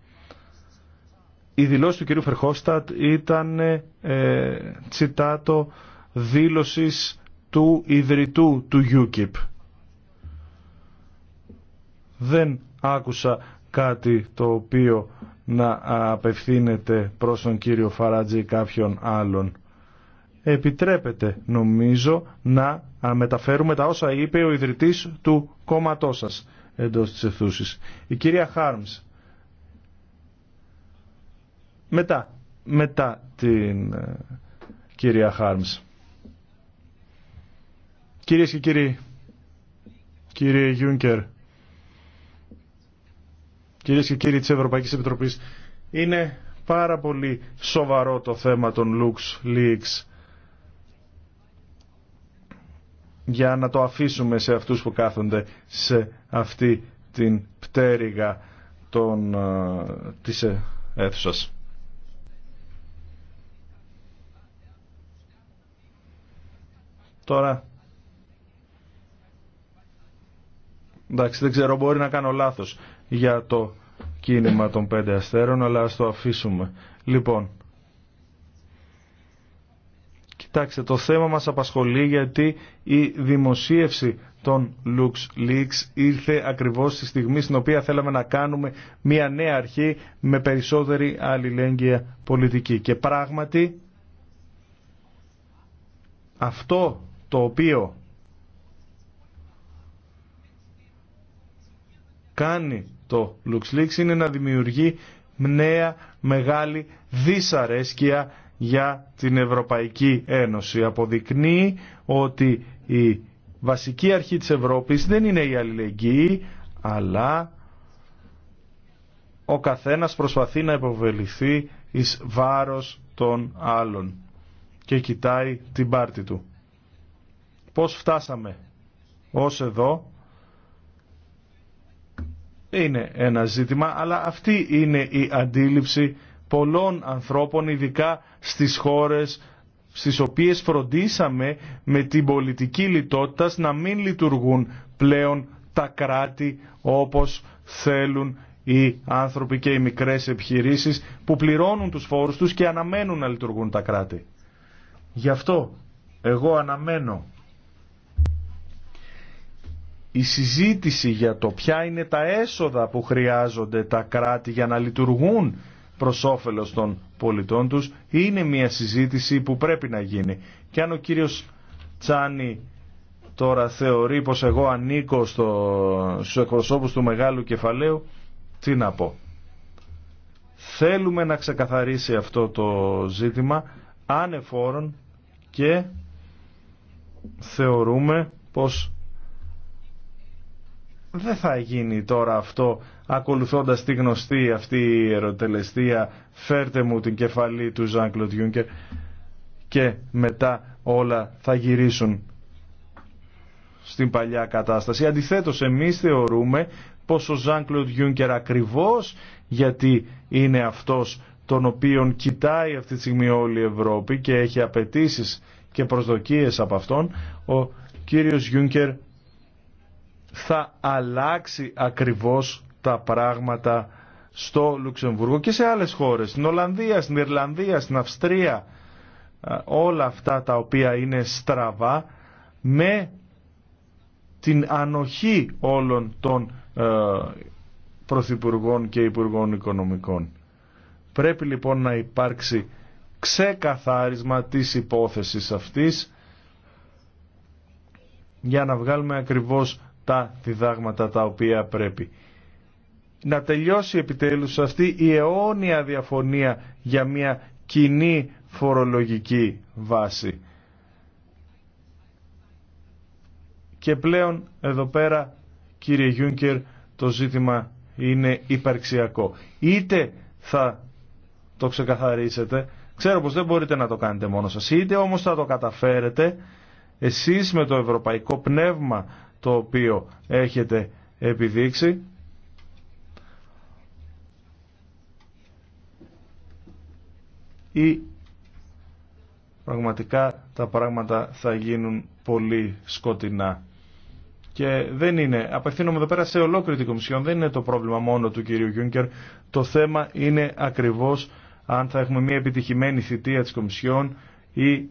A: Η δηλώση του κυρίου Φερχόστατ ήταν ε, τσιτάτο δήλωσης του ιδρυτού του UKIP. Δεν άκουσα κάτι το οποίο να απευθύνεται προς τον κύριο Φαράτζη ή κάποιον άλλον. Επιτρέπεται νομίζω να μεταφέρουμε τα όσα είπε ο ιδρυτής του κόμματός σας εντός της αιθούσης. Η κυρία Χάρμς μετά, μετά την ε, κυρία Χάρμς. Κυρίες και κύριοι, κύριε Γιούνκερ, κυρίες και κύριοι της Ευρωπαϊκής Επιτροπής, είναι πάρα πολύ σοβαρό το θέμα των Lux Leaks για να το αφήσουμε σε αυτούς που κάθονται σε αυτή την πτέρυγα των, ε, της ε, αίθουσας. Τώρα, εντάξει δεν ξέρω μπορεί να κάνω λάθος για το κίνημα των πέντε αστέρων, αλλά ας το αφήσουμε. Λοιπόν, κοιτάξτε, το θέμα μας απασχολεί γιατί η δημοσίευση των Lux Leaks ήρθε ακριβώς στη στιγμή στην οποία θέλαμε να κάνουμε μια νέα αρχή με περισσότερη αλληλέγγυα πολιτική. Και πράγματι αυτό το οποίο κάνει το LuxLeaks είναι να δημιουργεί νέα μεγάλη δυσαρέσκεια για την Ευρωπαϊκή Ένωση. Αποδεικνύει ότι η βασική αρχή της Ευρώπης δεν είναι η αλληλεγγύη, αλλά ο καθένας προσπαθεί να υποβεληθεί εις βάρος των άλλων και κοιτάει την πάρτη του πώς φτάσαμε ως εδώ είναι ένα ζήτημα, αλλά αυτή είναι η αντίληψη πολλών ανθρώπων, ειδικά στις χώρες στις οποίες φροντίσαμε με την πολιτική λιτότητα να μην λειτουργούν πλέον τα κράτη όπως θέλουν οι άνθρωποι και οι μικρές επιχειρήσεις που πληρώνουν τους φόρους τους και αναμένουν να λειτουργούν τα κράτη. Γι' αυτό εγώ αναμένω η συζήτηση για το ποια είναι τα έσοδα που χρειάζονται τα κράτη για να λειτουργούν προς όφελος των πολιτών τους είναι μια συζήτηση που πρέπει να γίνει. Και αν ο κύριος Τσάνι τώρα θεωρεί πως εγώ ανήκω στο, στους εκπροσώπους του μεγάλου κεφαλαίου, τι να πω. Θέλουμε να ξεκαθαρίσει αυτό το ζήτημα ανεφόρον και θεωρούμε πως δεν θα γίνει τώρα αυτό ακολουθώντας τη γνωστή αυτή η ερωτελεστία φέρτε μου την κεφαλή του Ζαν Κλοντ και μετά όλα θα γυρίσουν στην παλιά κατάσταση. Αντιθέτως εμείς θεωρούμε πως ο Ζαν Κλοντ Γιούνκερ ακριβώς γιατί είναι αυτός τον οποίον κοιτάει αυτή τη στιγμή όλη η Ευρώπη και έχει απαιτήσει και προσδοκίες από αυτόν, ο κύριος Γιούνκερ θα αλλάξει ακριβώς τα πράγματα στο Λουξεμβούργο και σε άλλες χώρες, στην Ολλανδία, στην Ιρλανδία, στην Αυστρία, όλα αυτά τα οποία είναι στραβά με την ανοχή όλων των ε, Πρωθυπουργών και Υπουργών Οικονομικών. Πρέπει λοιπόν να υπάρξει ξεκαθάρισμα της υπόθεσης αυτής για να βγάλουμε ακριβώς τα διδάγματα τα οποία πρέπει. Να τελειώσει επιτέλους αυτή η αιώνια διαφωνία για μια κοινή φορολογική βάση. Και πλέον εδώ πέρα κύριε Γιούνκερ το ζήτημα είναι υπαρξιακό. Είτε θα το ξεκαθαρίσετε, ξέρω πως δεν μπορείτε να το κάνετε μόνο σας, είτε όμως θα το καταφέρετε εσείς με το ευρωπαϊκό πνεύμα το οποίο έχετε επιδείξει. Ή πραγματικά τα πράγματα θα γίνουν πολύ σκοτεινά. Και δεν είναι, απευθύνομαι εδώ πέρα σε ολόκληρη την Κομισιόν, δεν είναι το πρόβλημα μόνο του κυρίου Γιούνκερ. Το θέμα είναι ακριβώς αν θα έχουμε μια επιτυχημένη θητεία της Κομισιόν ή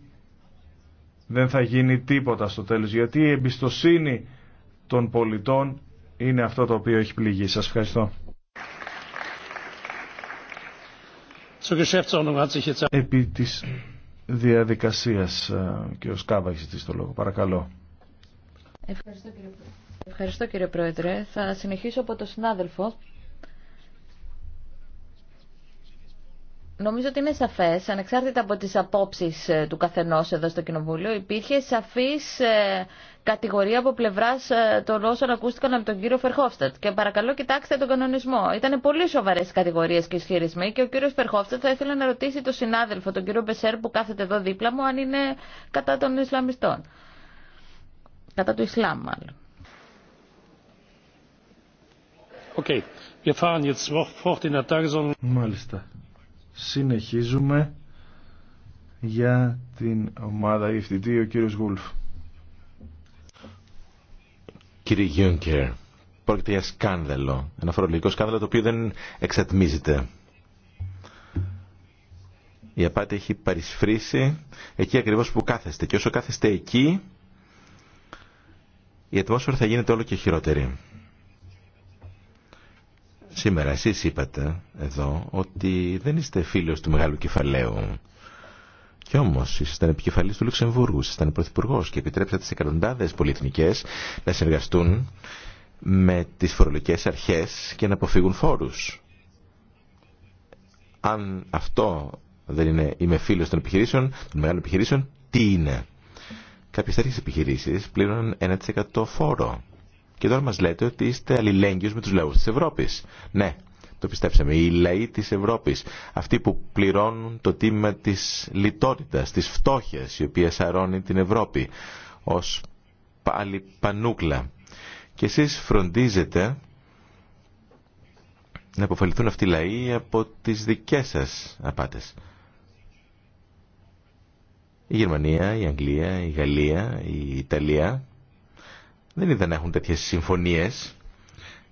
A: δεν θα γίνει τίποτα στο τέλος. Γιατί η εμπιστοσύνη των πολιτών είναι αυτό το οποίο έχει πληγεί. Σας ευχαριστώ. Επί της διαδικασίας ε, και ο Σκάβα έχει ζητήσει το λόγο. Παρακαλώ.
B: Ευχαριστώ κύριε Πρόεδρε. Ευχαριστώ κύριε Πρόεδρε. Θα συνεχίσω από τον συνάδελφο. Νομίζω ότι είναι σαφές, ανεξάρτητα από τις απόψεις ε, του καθενός εδώ στο Κοινοβούλιο, υπήρχε σαφής ε, κατηγορία από πλευρά ε, των όσων ακούστηκαν από τον κύριο Φερχόφστατ. Και παρακαλώ κοιτάξτε τον κανονισμό. Ήταν πολύ σοβαρέ οι κατηγορίε και ισχυρισμοί και ο κύριο Φερχόφστατ θα ήθελε να ρωτήσει τον συνάδελφο, τον κύριο Μπεσέρ που κάθεται εδώ δίπλα μου, αν είναι κατά των Ισλαμιστών. Κατά του Ισλάμ, μάλλον.
C: Okay. Μάλιστα.
A: Συνεχίζουμε για την ομάδα ευθυντή, ο κύριος Γούλφ.
D: Κύριε Γιούνκερ, πρόκειται για σκάνδαλο, ένα φορολογικό σκάνδαλο το οποίο δεν εξατμίζεται. Η απάτη έχει παρισφρήσει εκεί ακριβώς που κάθεστε και όσο κάθεστε εκεί η ατμόσφαιρα θα γίνεται όλο και χειρότερη. Σήμερα εσείς είπατε εδώ ότι δεν είστε φίλος του μεγάλου κεφαλαίου. Κι όμω ήσασταν επικεφαλή του Λουξεμβούργου, ήσασταν πρωθυπουργό και επιτρέψατε σε εκατοντάδε πολυεθνικέ να συνεργαστούν με τι φορολογικέ αρχέ και να αποφύγουν φόρου. Αν αυτό δεν είναι είμαι φίλο των επιχειρήσεων, των μεγάλων επιχειρήσεων, τι είναι. Κάποιε τέτοιε επιχειρήσει πλήρωναν 1% φόρο. Και τώρα μα λέτε ότι είστε αλληλέγγυο με του λαού τη Ευρώπη. Ναι, το πιστέψαμε, οι λαοί της Ευρώπης, αυτοί που πληρώνουν το τίμημα της λιτότητας, της φτώχειας, η οποία σαρώνει την Ευρώπη ως πάλι πανούκλα. Και εσείς φροντίζετε να αποφαληθούν αυτοί οι λαοί από τις δικές σας απάτες. Η Γερμανία, η Αγγλία, η Γαλλία, η Ιταλία δεν είδαν να έχουν τέτοιες συμφωνίες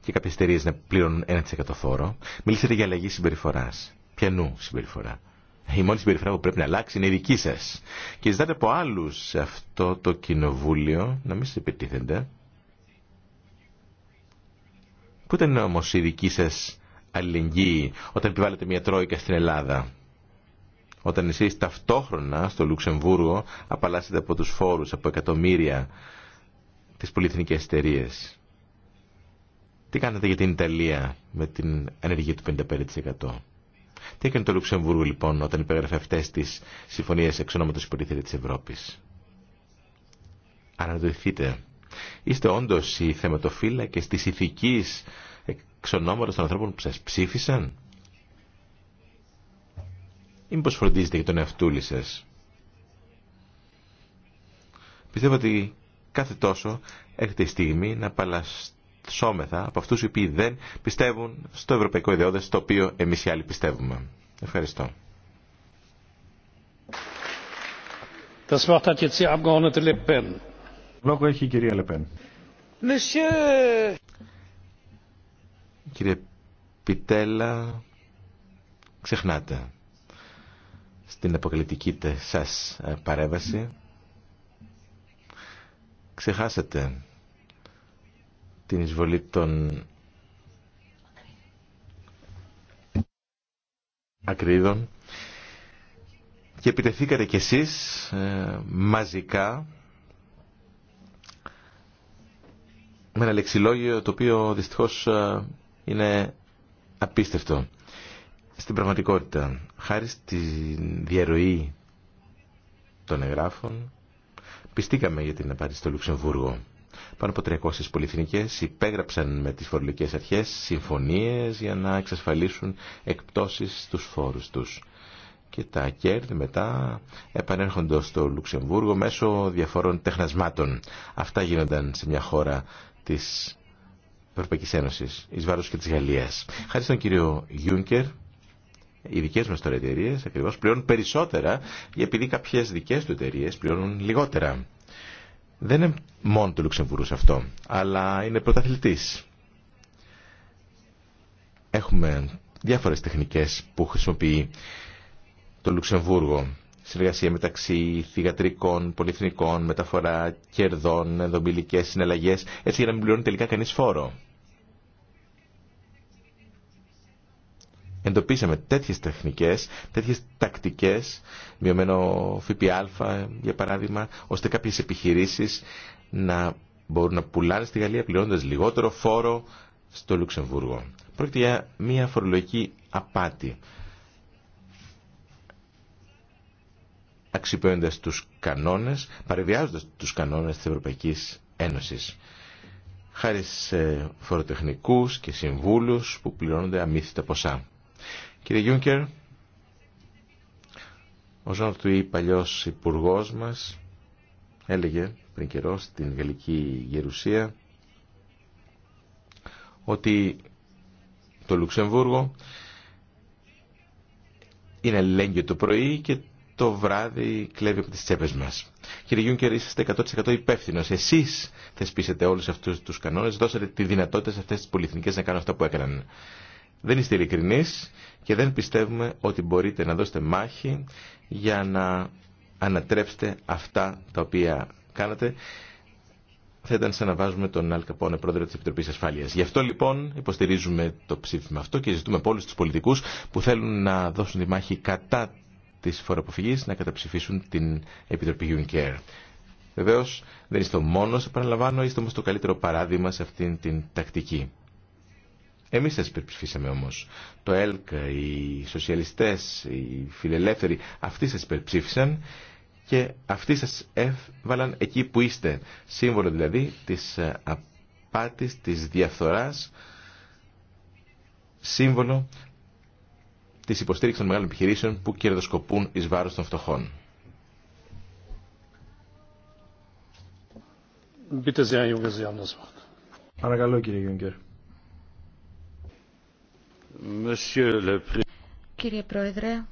D: και κάποιε εταιρείε να πληρώνουν 1% φόρο. Μιλήσατε για αλλαγή συμπεριφορά. Πιανού συμπεριφορά. Η μόνη συμπεριφορά που πρέπει να αλλάξει είναι η δική σα. Και ζητάτε από άλλου σε αυτό το κοινοβούλιο να μην σα επιτίθενται. Πού ήταν όμω η δική σα αλληλεγγύη όταν επιβάλλετε μια τρόικα στην Ελλάδα. Όταν εσεί ταυτόχρονα στο Λουξεμβούργο απαλλάσσετε από του φόρου από εκατομμύρια τι πολυεθνικέ εταιρείε. Τι κάνετε για την Ιταλία με την ανεργία του 55%. Τι έκανε το Λουξεμβούργο λοιπόν όταν υπέγραφε αυτέ τι συμφωνίε εξ ονόματο υποτίθεται τη Ευρώπη. Αναδοηθείτε είστε όντω οι θεματοφύλακε τη ηθική εξ ονόματο των ανθρώπων που σα ψήφισαν. Ή μήπω φροντίζετε για τον εαυτούλη σα. Πιστεύω ότι κάθε τόσο έρχεται η στιγμή να παλαστεί σώμεθα από αυτούς οι οποίοι δεν πιστεύουν στο ευρωπαϊκό ιδεώδες το οποίο εμείς οι άλλοι πιστεύουμε.
C: Ευχαριστώ. Das Wort hat jetzt die Abgeordnete Λόγο έχει κυρία Λεπέν.
D: Κύριε Πιτέλα, ξεχνάτε στην αποκαλυπτική σας ε, παρέβαση, Ξεχάσατε την εισβολή των ακρίδων και επιτεθήκατε κι εσείς ε, μαζικά με ένα λεξιλόγιο το οποίο δυστυχώς ε, είναι απίστευτο. Στην πραγματικότητα, χάρη στη διαρροή των εγγράφων, πιστήκαμε για την απάντηση στο Λουξεμβούργο. Πάνω από 300 πολυθυνικές υπέγραψαν με τις φορολογικές αρχές συμφωνίες για να εξασφαλίσουν εκπτώσεις στους φόρους τους. Και τα κέρδη μετά επανέρχονται στο Λουξεμβούργο μέσω διαφόρων τεχνασμάτων. Αυτά γίνονταν σε μια χώρα της Ευρωπαϊκής Ένωσης, εις βάρος και της Γαλλίας. Χάρη στον κύριο Γιούνκερ, οι δικέ μα τώρα εταιρείε ακριβώ πληρώνουν περισσότερα, επειδή κάποιε δικέ του εταιρείε πληρώνουν λιγότερα δεν είναι μόνο του Λουξεμβούργο σε αυτό, αλλά είναι πρωταθλητής. Έχουμε διάφορες τεχνικές που χρησιμοποιεί το Λουξεμβούργο. Συνεργασία μεταξύ θηγατρικών, πολυεθνικών, μεταφορά κερδών, ενδομπηλικές συναλλαγές, έτσι για να μην πληρώνει τελικά κανείς φόρο. εντοπίσαμε τέτοιες τεχνικές, τέτοιες τακτικές, μειωμένο ΦΠΑ για παράδειγμα, ώστε κάποιες επιχειρήσεις να μπορούν να πουλάνε στη Γαλλία πληρώνοντας λιγότερο φόρο στο Λουξεμβούργο. Πρόκειται για μια φορολογική απάτη. αξιοποιώντας τους κανόνες, παρεβιάζοντας τους κανόνες της Ευρωπαϊκής Ένωσης. Χάρη σε φοροτεχνικούς και συμβούλους που πληρώνονται αμύθιτα ποσά. Κύριε Γιούνκερ, ο του του παλιός υπουργό μας, έλεγε πριν καιρό στην Γαλλική Γερουσία ότι το Λουξεμβούργο είναι αλληλέγγυο το πρωί και το βράδυ κλέβει από τις τσέπες μας. Κύριε Γιούνκερ, είσαστε 100% υπεύθυνο. Εσείς θεσπίσετε όλους αυτούς τους κανόνες, δώσατε τη δυνατότητα σε αυτές τις πολυεθνικές να κάνουν αυτά που έκαναν. Δεν είστε ειλικρινείς και δεν πιστεύουμε ότι μπορείτε να δώσετε μάχη για να ανατρέψετε αυτά τα οποία κάνατε. Θα ήταν σαν να βάζουμε τον Αλ Καπόνε, πρόεδρο τη Επιτροπής Ασφάλειας. Γι' αυτό λοιπόν υποστηρίζουμε το ψήφισμα αυτό και ζητούμε από όλου τους πολιτικούς που θέλουν να δώσουν τη μάχη κατά τη φοροαποφυγή να καταψηφίσουν την Επιτροπή Juncker. Βεβαίω, δεν είστε ο μόνο, επαναλαμβάνω, είστε όμω το καλύτερο παράδειγμα σε αυτήν την τακτική. Εμείς σας υπερψηφίσαμε όμως. Το ΕΛΚ, οι σοσιαλιστές, οι φιλελεύθεροι, αυτοί σας υπερψήφισαν και αυτοί σας έβαλαν εκεί που είστε. Σύμβολο δηλαδή της ε, απάτης, της διαφθοράς, σύμβολο της υποστήριξης των μεγάλων επιχειρήσεων που κερδοσκοπούν εις βάρος των φτωχών.
C: Παρακαλώ κύριε Γιούγκερ.
B: Κύριε Πρόεδρε,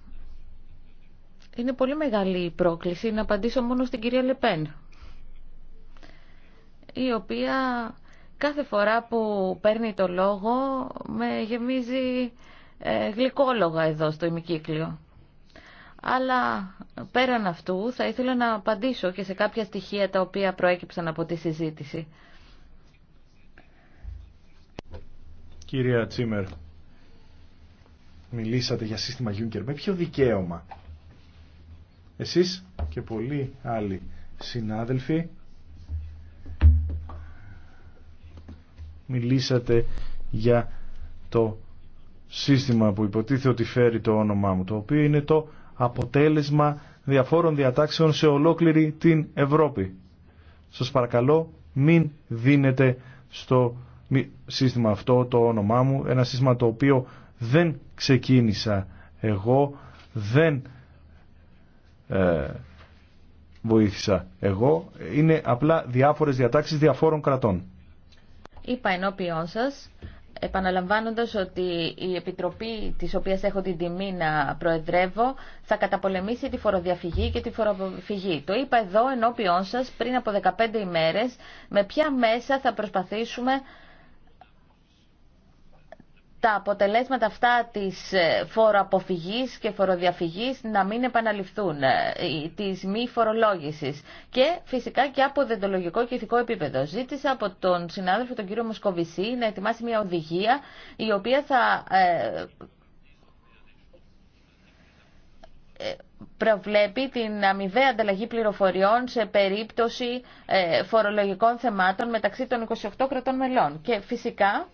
B: είναι πολύ μεγάλη η πρόκληση να απαντήσω μόνο στην κυρία Λεπέν, η οποία κάθε φορά που παίρνει το λόγο με γεμίζει ε, γλυκόλογα εδώ στο ημικύκλιο. Αλλά πέραν αυτού θα ήθελα να απαντήσω και σε κάποια στοιχεία τα οποία προέκυψαν από τη συζήτηση.
A: Κυρία Τσίμερ, μιλήσατε για σύστημα Juncker. Με ποιο δικαίωμα. Εσείς και πολλοί άλλοι συνάδελφοι μιλήσατε για το σύστημα που υποτίθεται ότι φέρει το όνομά μου, το οποίο είναι το αποτέλεσμα διαφόρων διατάξεων σε ολόκληρη την Ευρώπη. Σας παρακαλώ μην δίνετε στο σύστημα αυτό το όνομά μου, ένα σύστημα το οποίο δεν ξεκίνησα εγώ, δεν ε, βοήθησα εγώ. Είναι απλά διάφορες διατάξεις διαφόρων κρατών.
B: Είπα ενώπιόν σας, επαναλαμβάνοντας ότι η Επιτροπή της οποίας έχω την τιμή να προεδρεύω θα καταπολεμήσει τη φοροδιαφυγή και τη φοροφυγή. Το είπα εδώ ενώπιόν σας πριν από 15 ημέρες με ποια μέσα θα προσπαθήσουμε τα αποτελέσματα αυτά της ε, φοροαποφυγής και φοροδιαφυγής να μην επαναληφθούν, ε, της μη φορολόγησης και φυσικά και από δεντολογικό και ηθικό επίπεδο. Ζήτησα από τον συνάδελφο τον κύριο Μοσκοβισή να ετοιμάσει μια οδηγία η οποία θα ε, προβλέπει την αμοιβαία ανταλλαγή πληροφοριών σε περίπτωση φορολογικών θεμάτων μεταξύ των 28 κρατών μελών. Και φυσικά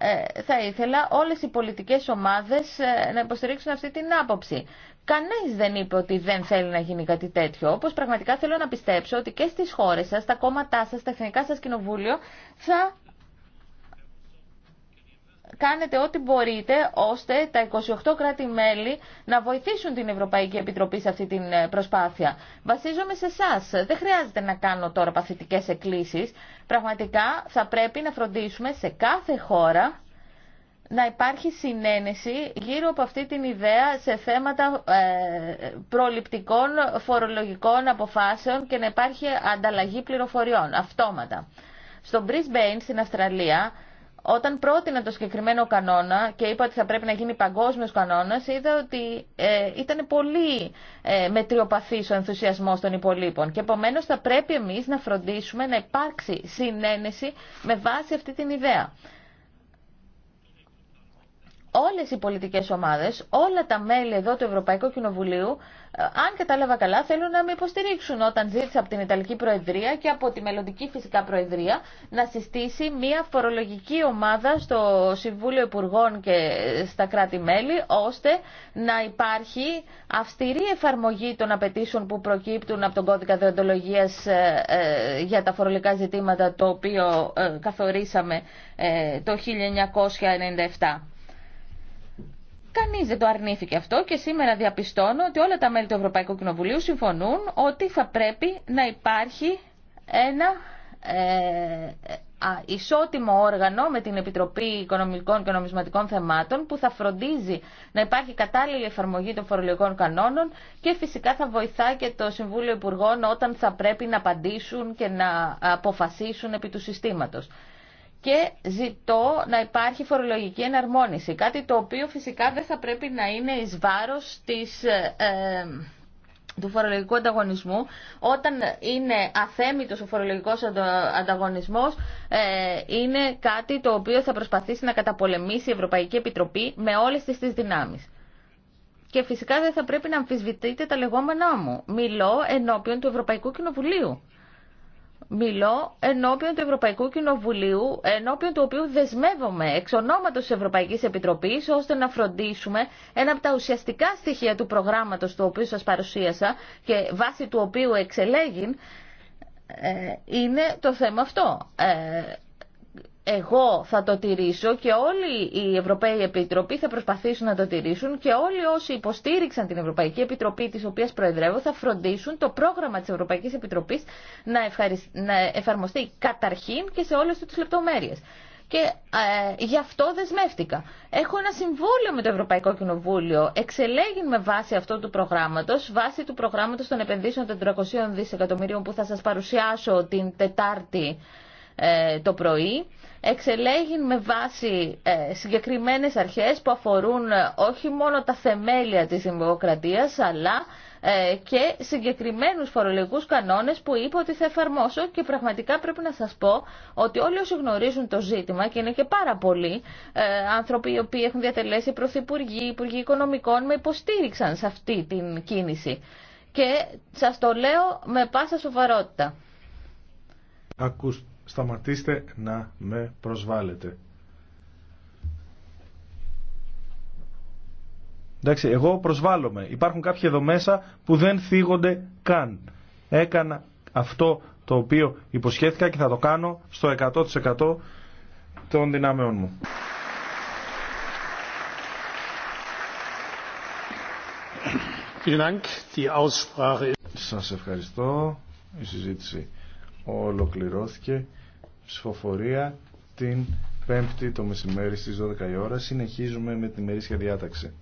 B: ε, θα ήθελα όλες οι πολιτικές ομάδες ε, να υποστηρίξουν αυτή την άποψη. Κανείς δεν είπε ότι δεν θέλει να γίνει κάτι τέτοιο, όπως πραγματικά θέλω να πιστέψω ότι και στις χώρες σας, τα κόμματά σας, τα εθνικά σας κοινοβούλιο θα κάνετε ό,τι μπορείτε ώστε τα 28 κράτη-μέλη να βοηθήσουν την Ευρωπαϊκή Επιτροπή σε αυτή την ε, προσπάθεια. Βασίζομαι σε εσά. Δεν χρειάζεται να κάνω τώρα παθητικές εκκλήσεις. Πραγματικά θα πρέπει να φροντίσουμε σε κάθε χώρα να υπάρχει συνένεση γύρω από αυτή την ιδέα σε θέματα ε, προληπτικών φορολογικών αποφάσεων και να υπάρχει ανταλλαγή πληροφοριών αυτόματα. Στο Brisbane στην Αυστραλία όταν πρότεινα το συγκεκριμένο κανόνα και είπα ότι θα πρέπει να γίνει παγκόσμιο κανόνας, είδα ότι ε, ήταν πολύ ε, μετριοπαθής ο ενθουσιασμό των υπολείπων και επομένως θα πρέπει εμείς να φροντίσουμε να υπάρξει συνένεση με βάση αυτή την ιδέα όλες οι πολιτικές ομάδες, όλα τα μέλη εδώ του Ευρωπαϊκού Κοινοβουλίου, ε, αν κατάλαβα καλά, θέλουν να με υποστηρίξουν όταν ζήτησα από την Ιταλική Προεδρία και από τη μελλοντική φυσικά Προεδρία να συστήσει μια φορολογική ομάδα στο Συμβούλιο Υπουργών και στα κράτη-μέλη, ώστε να υπάρχει αυστηρή εφαρμογή των απαιτήσεων που προκύπτουν από τον κώδικα δεοντολογίας ε, ε, για τα φορολογικά ζητήματα, το οποίο καθορίσαμε το 1997. Κανεί δεν το αρνήθηκε αυτό και σήμερα διαπιστώνω ότι όλα τα μέλη του Ευρωπαϊκού Κοινοβουλίου συμφωνούν ότι θα πρέπει να υπάρχει ένα ε, ισότιμο όργανο με την Επιτροπή Οικονομικών και Νομισματικών Θεμάτων που θα φροντίζει να υπάρχει κατάλληλη εφαρμογή των φορολογικών κανόνων και φυσικά θα βοηθά και το Συμβούλιο Υπουργών όταν θα πρέπει να απαντήσουν και να αποφασίσουν επί του συστήματος και ζητώ να υπάρχει φορολογική εναρμόνιση. Κάτι το οποίο φυσικά δεν θα πρέπει να είναι εις βάρος της, ε, του φορολογικού ανταγωνισμού. Όταν είναι αθέμητος ο φορολογικός ανταγωνισμός ε, είναι κάτι το οποίο θα προσπαθήσει να καταπολεμήσει η Ευρωπαϊκή Επιτροπή με όλες τις, τις δυνάμεις. Και φυσικά δεν θα πρέπει να αμφισβητείτε τα λεγόμενά μου. Μιλώ ενώπιον του Ευρωπαϊκού Κοινοβουλίου μιλώ ενώπιον του Ευρωπαϊκού Κοινοβουλίου, ενώπιον του οποίου δεσμεύομαι εξ ονόματος της Ευρωπαϊκής Επιτροπής, ώστε να φροντίσουμε ένα από τα ουσιαστικά στοιχεία του προγράμματος του οποίου σας παρουσίασα και βάσει του οποίου εξελέγην, ε, είναι το θέμα αυτό. Ε, εγώ θα το τηρήσω και όλοι οι Ευρωπαίοι Επιτροποί θα προσπαθήσουν να το τηρήσουν και όλοι όσοι υποστήριξαν την Ευρωπαϊκή Επιτροπή της οποίας προεδρεύω θα φροντίσουν το πρόγραμμα της Ευρωπαϊκής Επιτροπής να, εφαρμοστεί καταρχήν και σε όλες τις λεπτομέρειες. Και ε, γι' αυτό δεσμεύτηκα. Έχω ένα συμβόλαιο με το Ευρωπαϊκό Κοινοβούλιο. Εξελέγει με βάση αυτό του προγράμματο, βάση του προγράμματο των επενδύσεων των 300 δισεκατομμυρίων που θα σα παρουσιάσω την Τετάρτη ε, το πρωί εξελέγει με βάση ε, συγκεκριμένες αρχές που αφορούν ε, όχι μόνο τα θεμέλια της δημοκρατίας αλλά και συγκεκριμένους φορολογικούς κανόνες που είπε ότι θα εφαρμόσω και πραγματικά πρέπει να σας πω ότι όλοι όσοι γνωρίζουν το ζήτημα και είναι και πάρα πολλοί άνθρωποι οι οποίοι έχουν διατελέσει πρωθυπουργοί, υπουργοί οικονομικών με υποστήριξαν σε αυτή την κίνηση και σας το λέω με πάσα σοβαρότητα.
A: Ακούστε σταματήστε να με προσβάλλετε. Εντάξει, εγώ προσβάλλομαι. Υπάρχουν κάποιοι εδώ μέσα που δεν θίγονται καν. Έκανα αυτό το οποίο υποσχέθηκα και θα το κάνω στο 100% των δυνάμεών
C: μου. Σας ευχαριστώ. Η συζήτηση
A: ολοκληρώθηκε ψηφοφορία την 5η το μεσημέρι στις 12 η ώρα. Συνεχίζουμε με τη μερίσια διάταξη.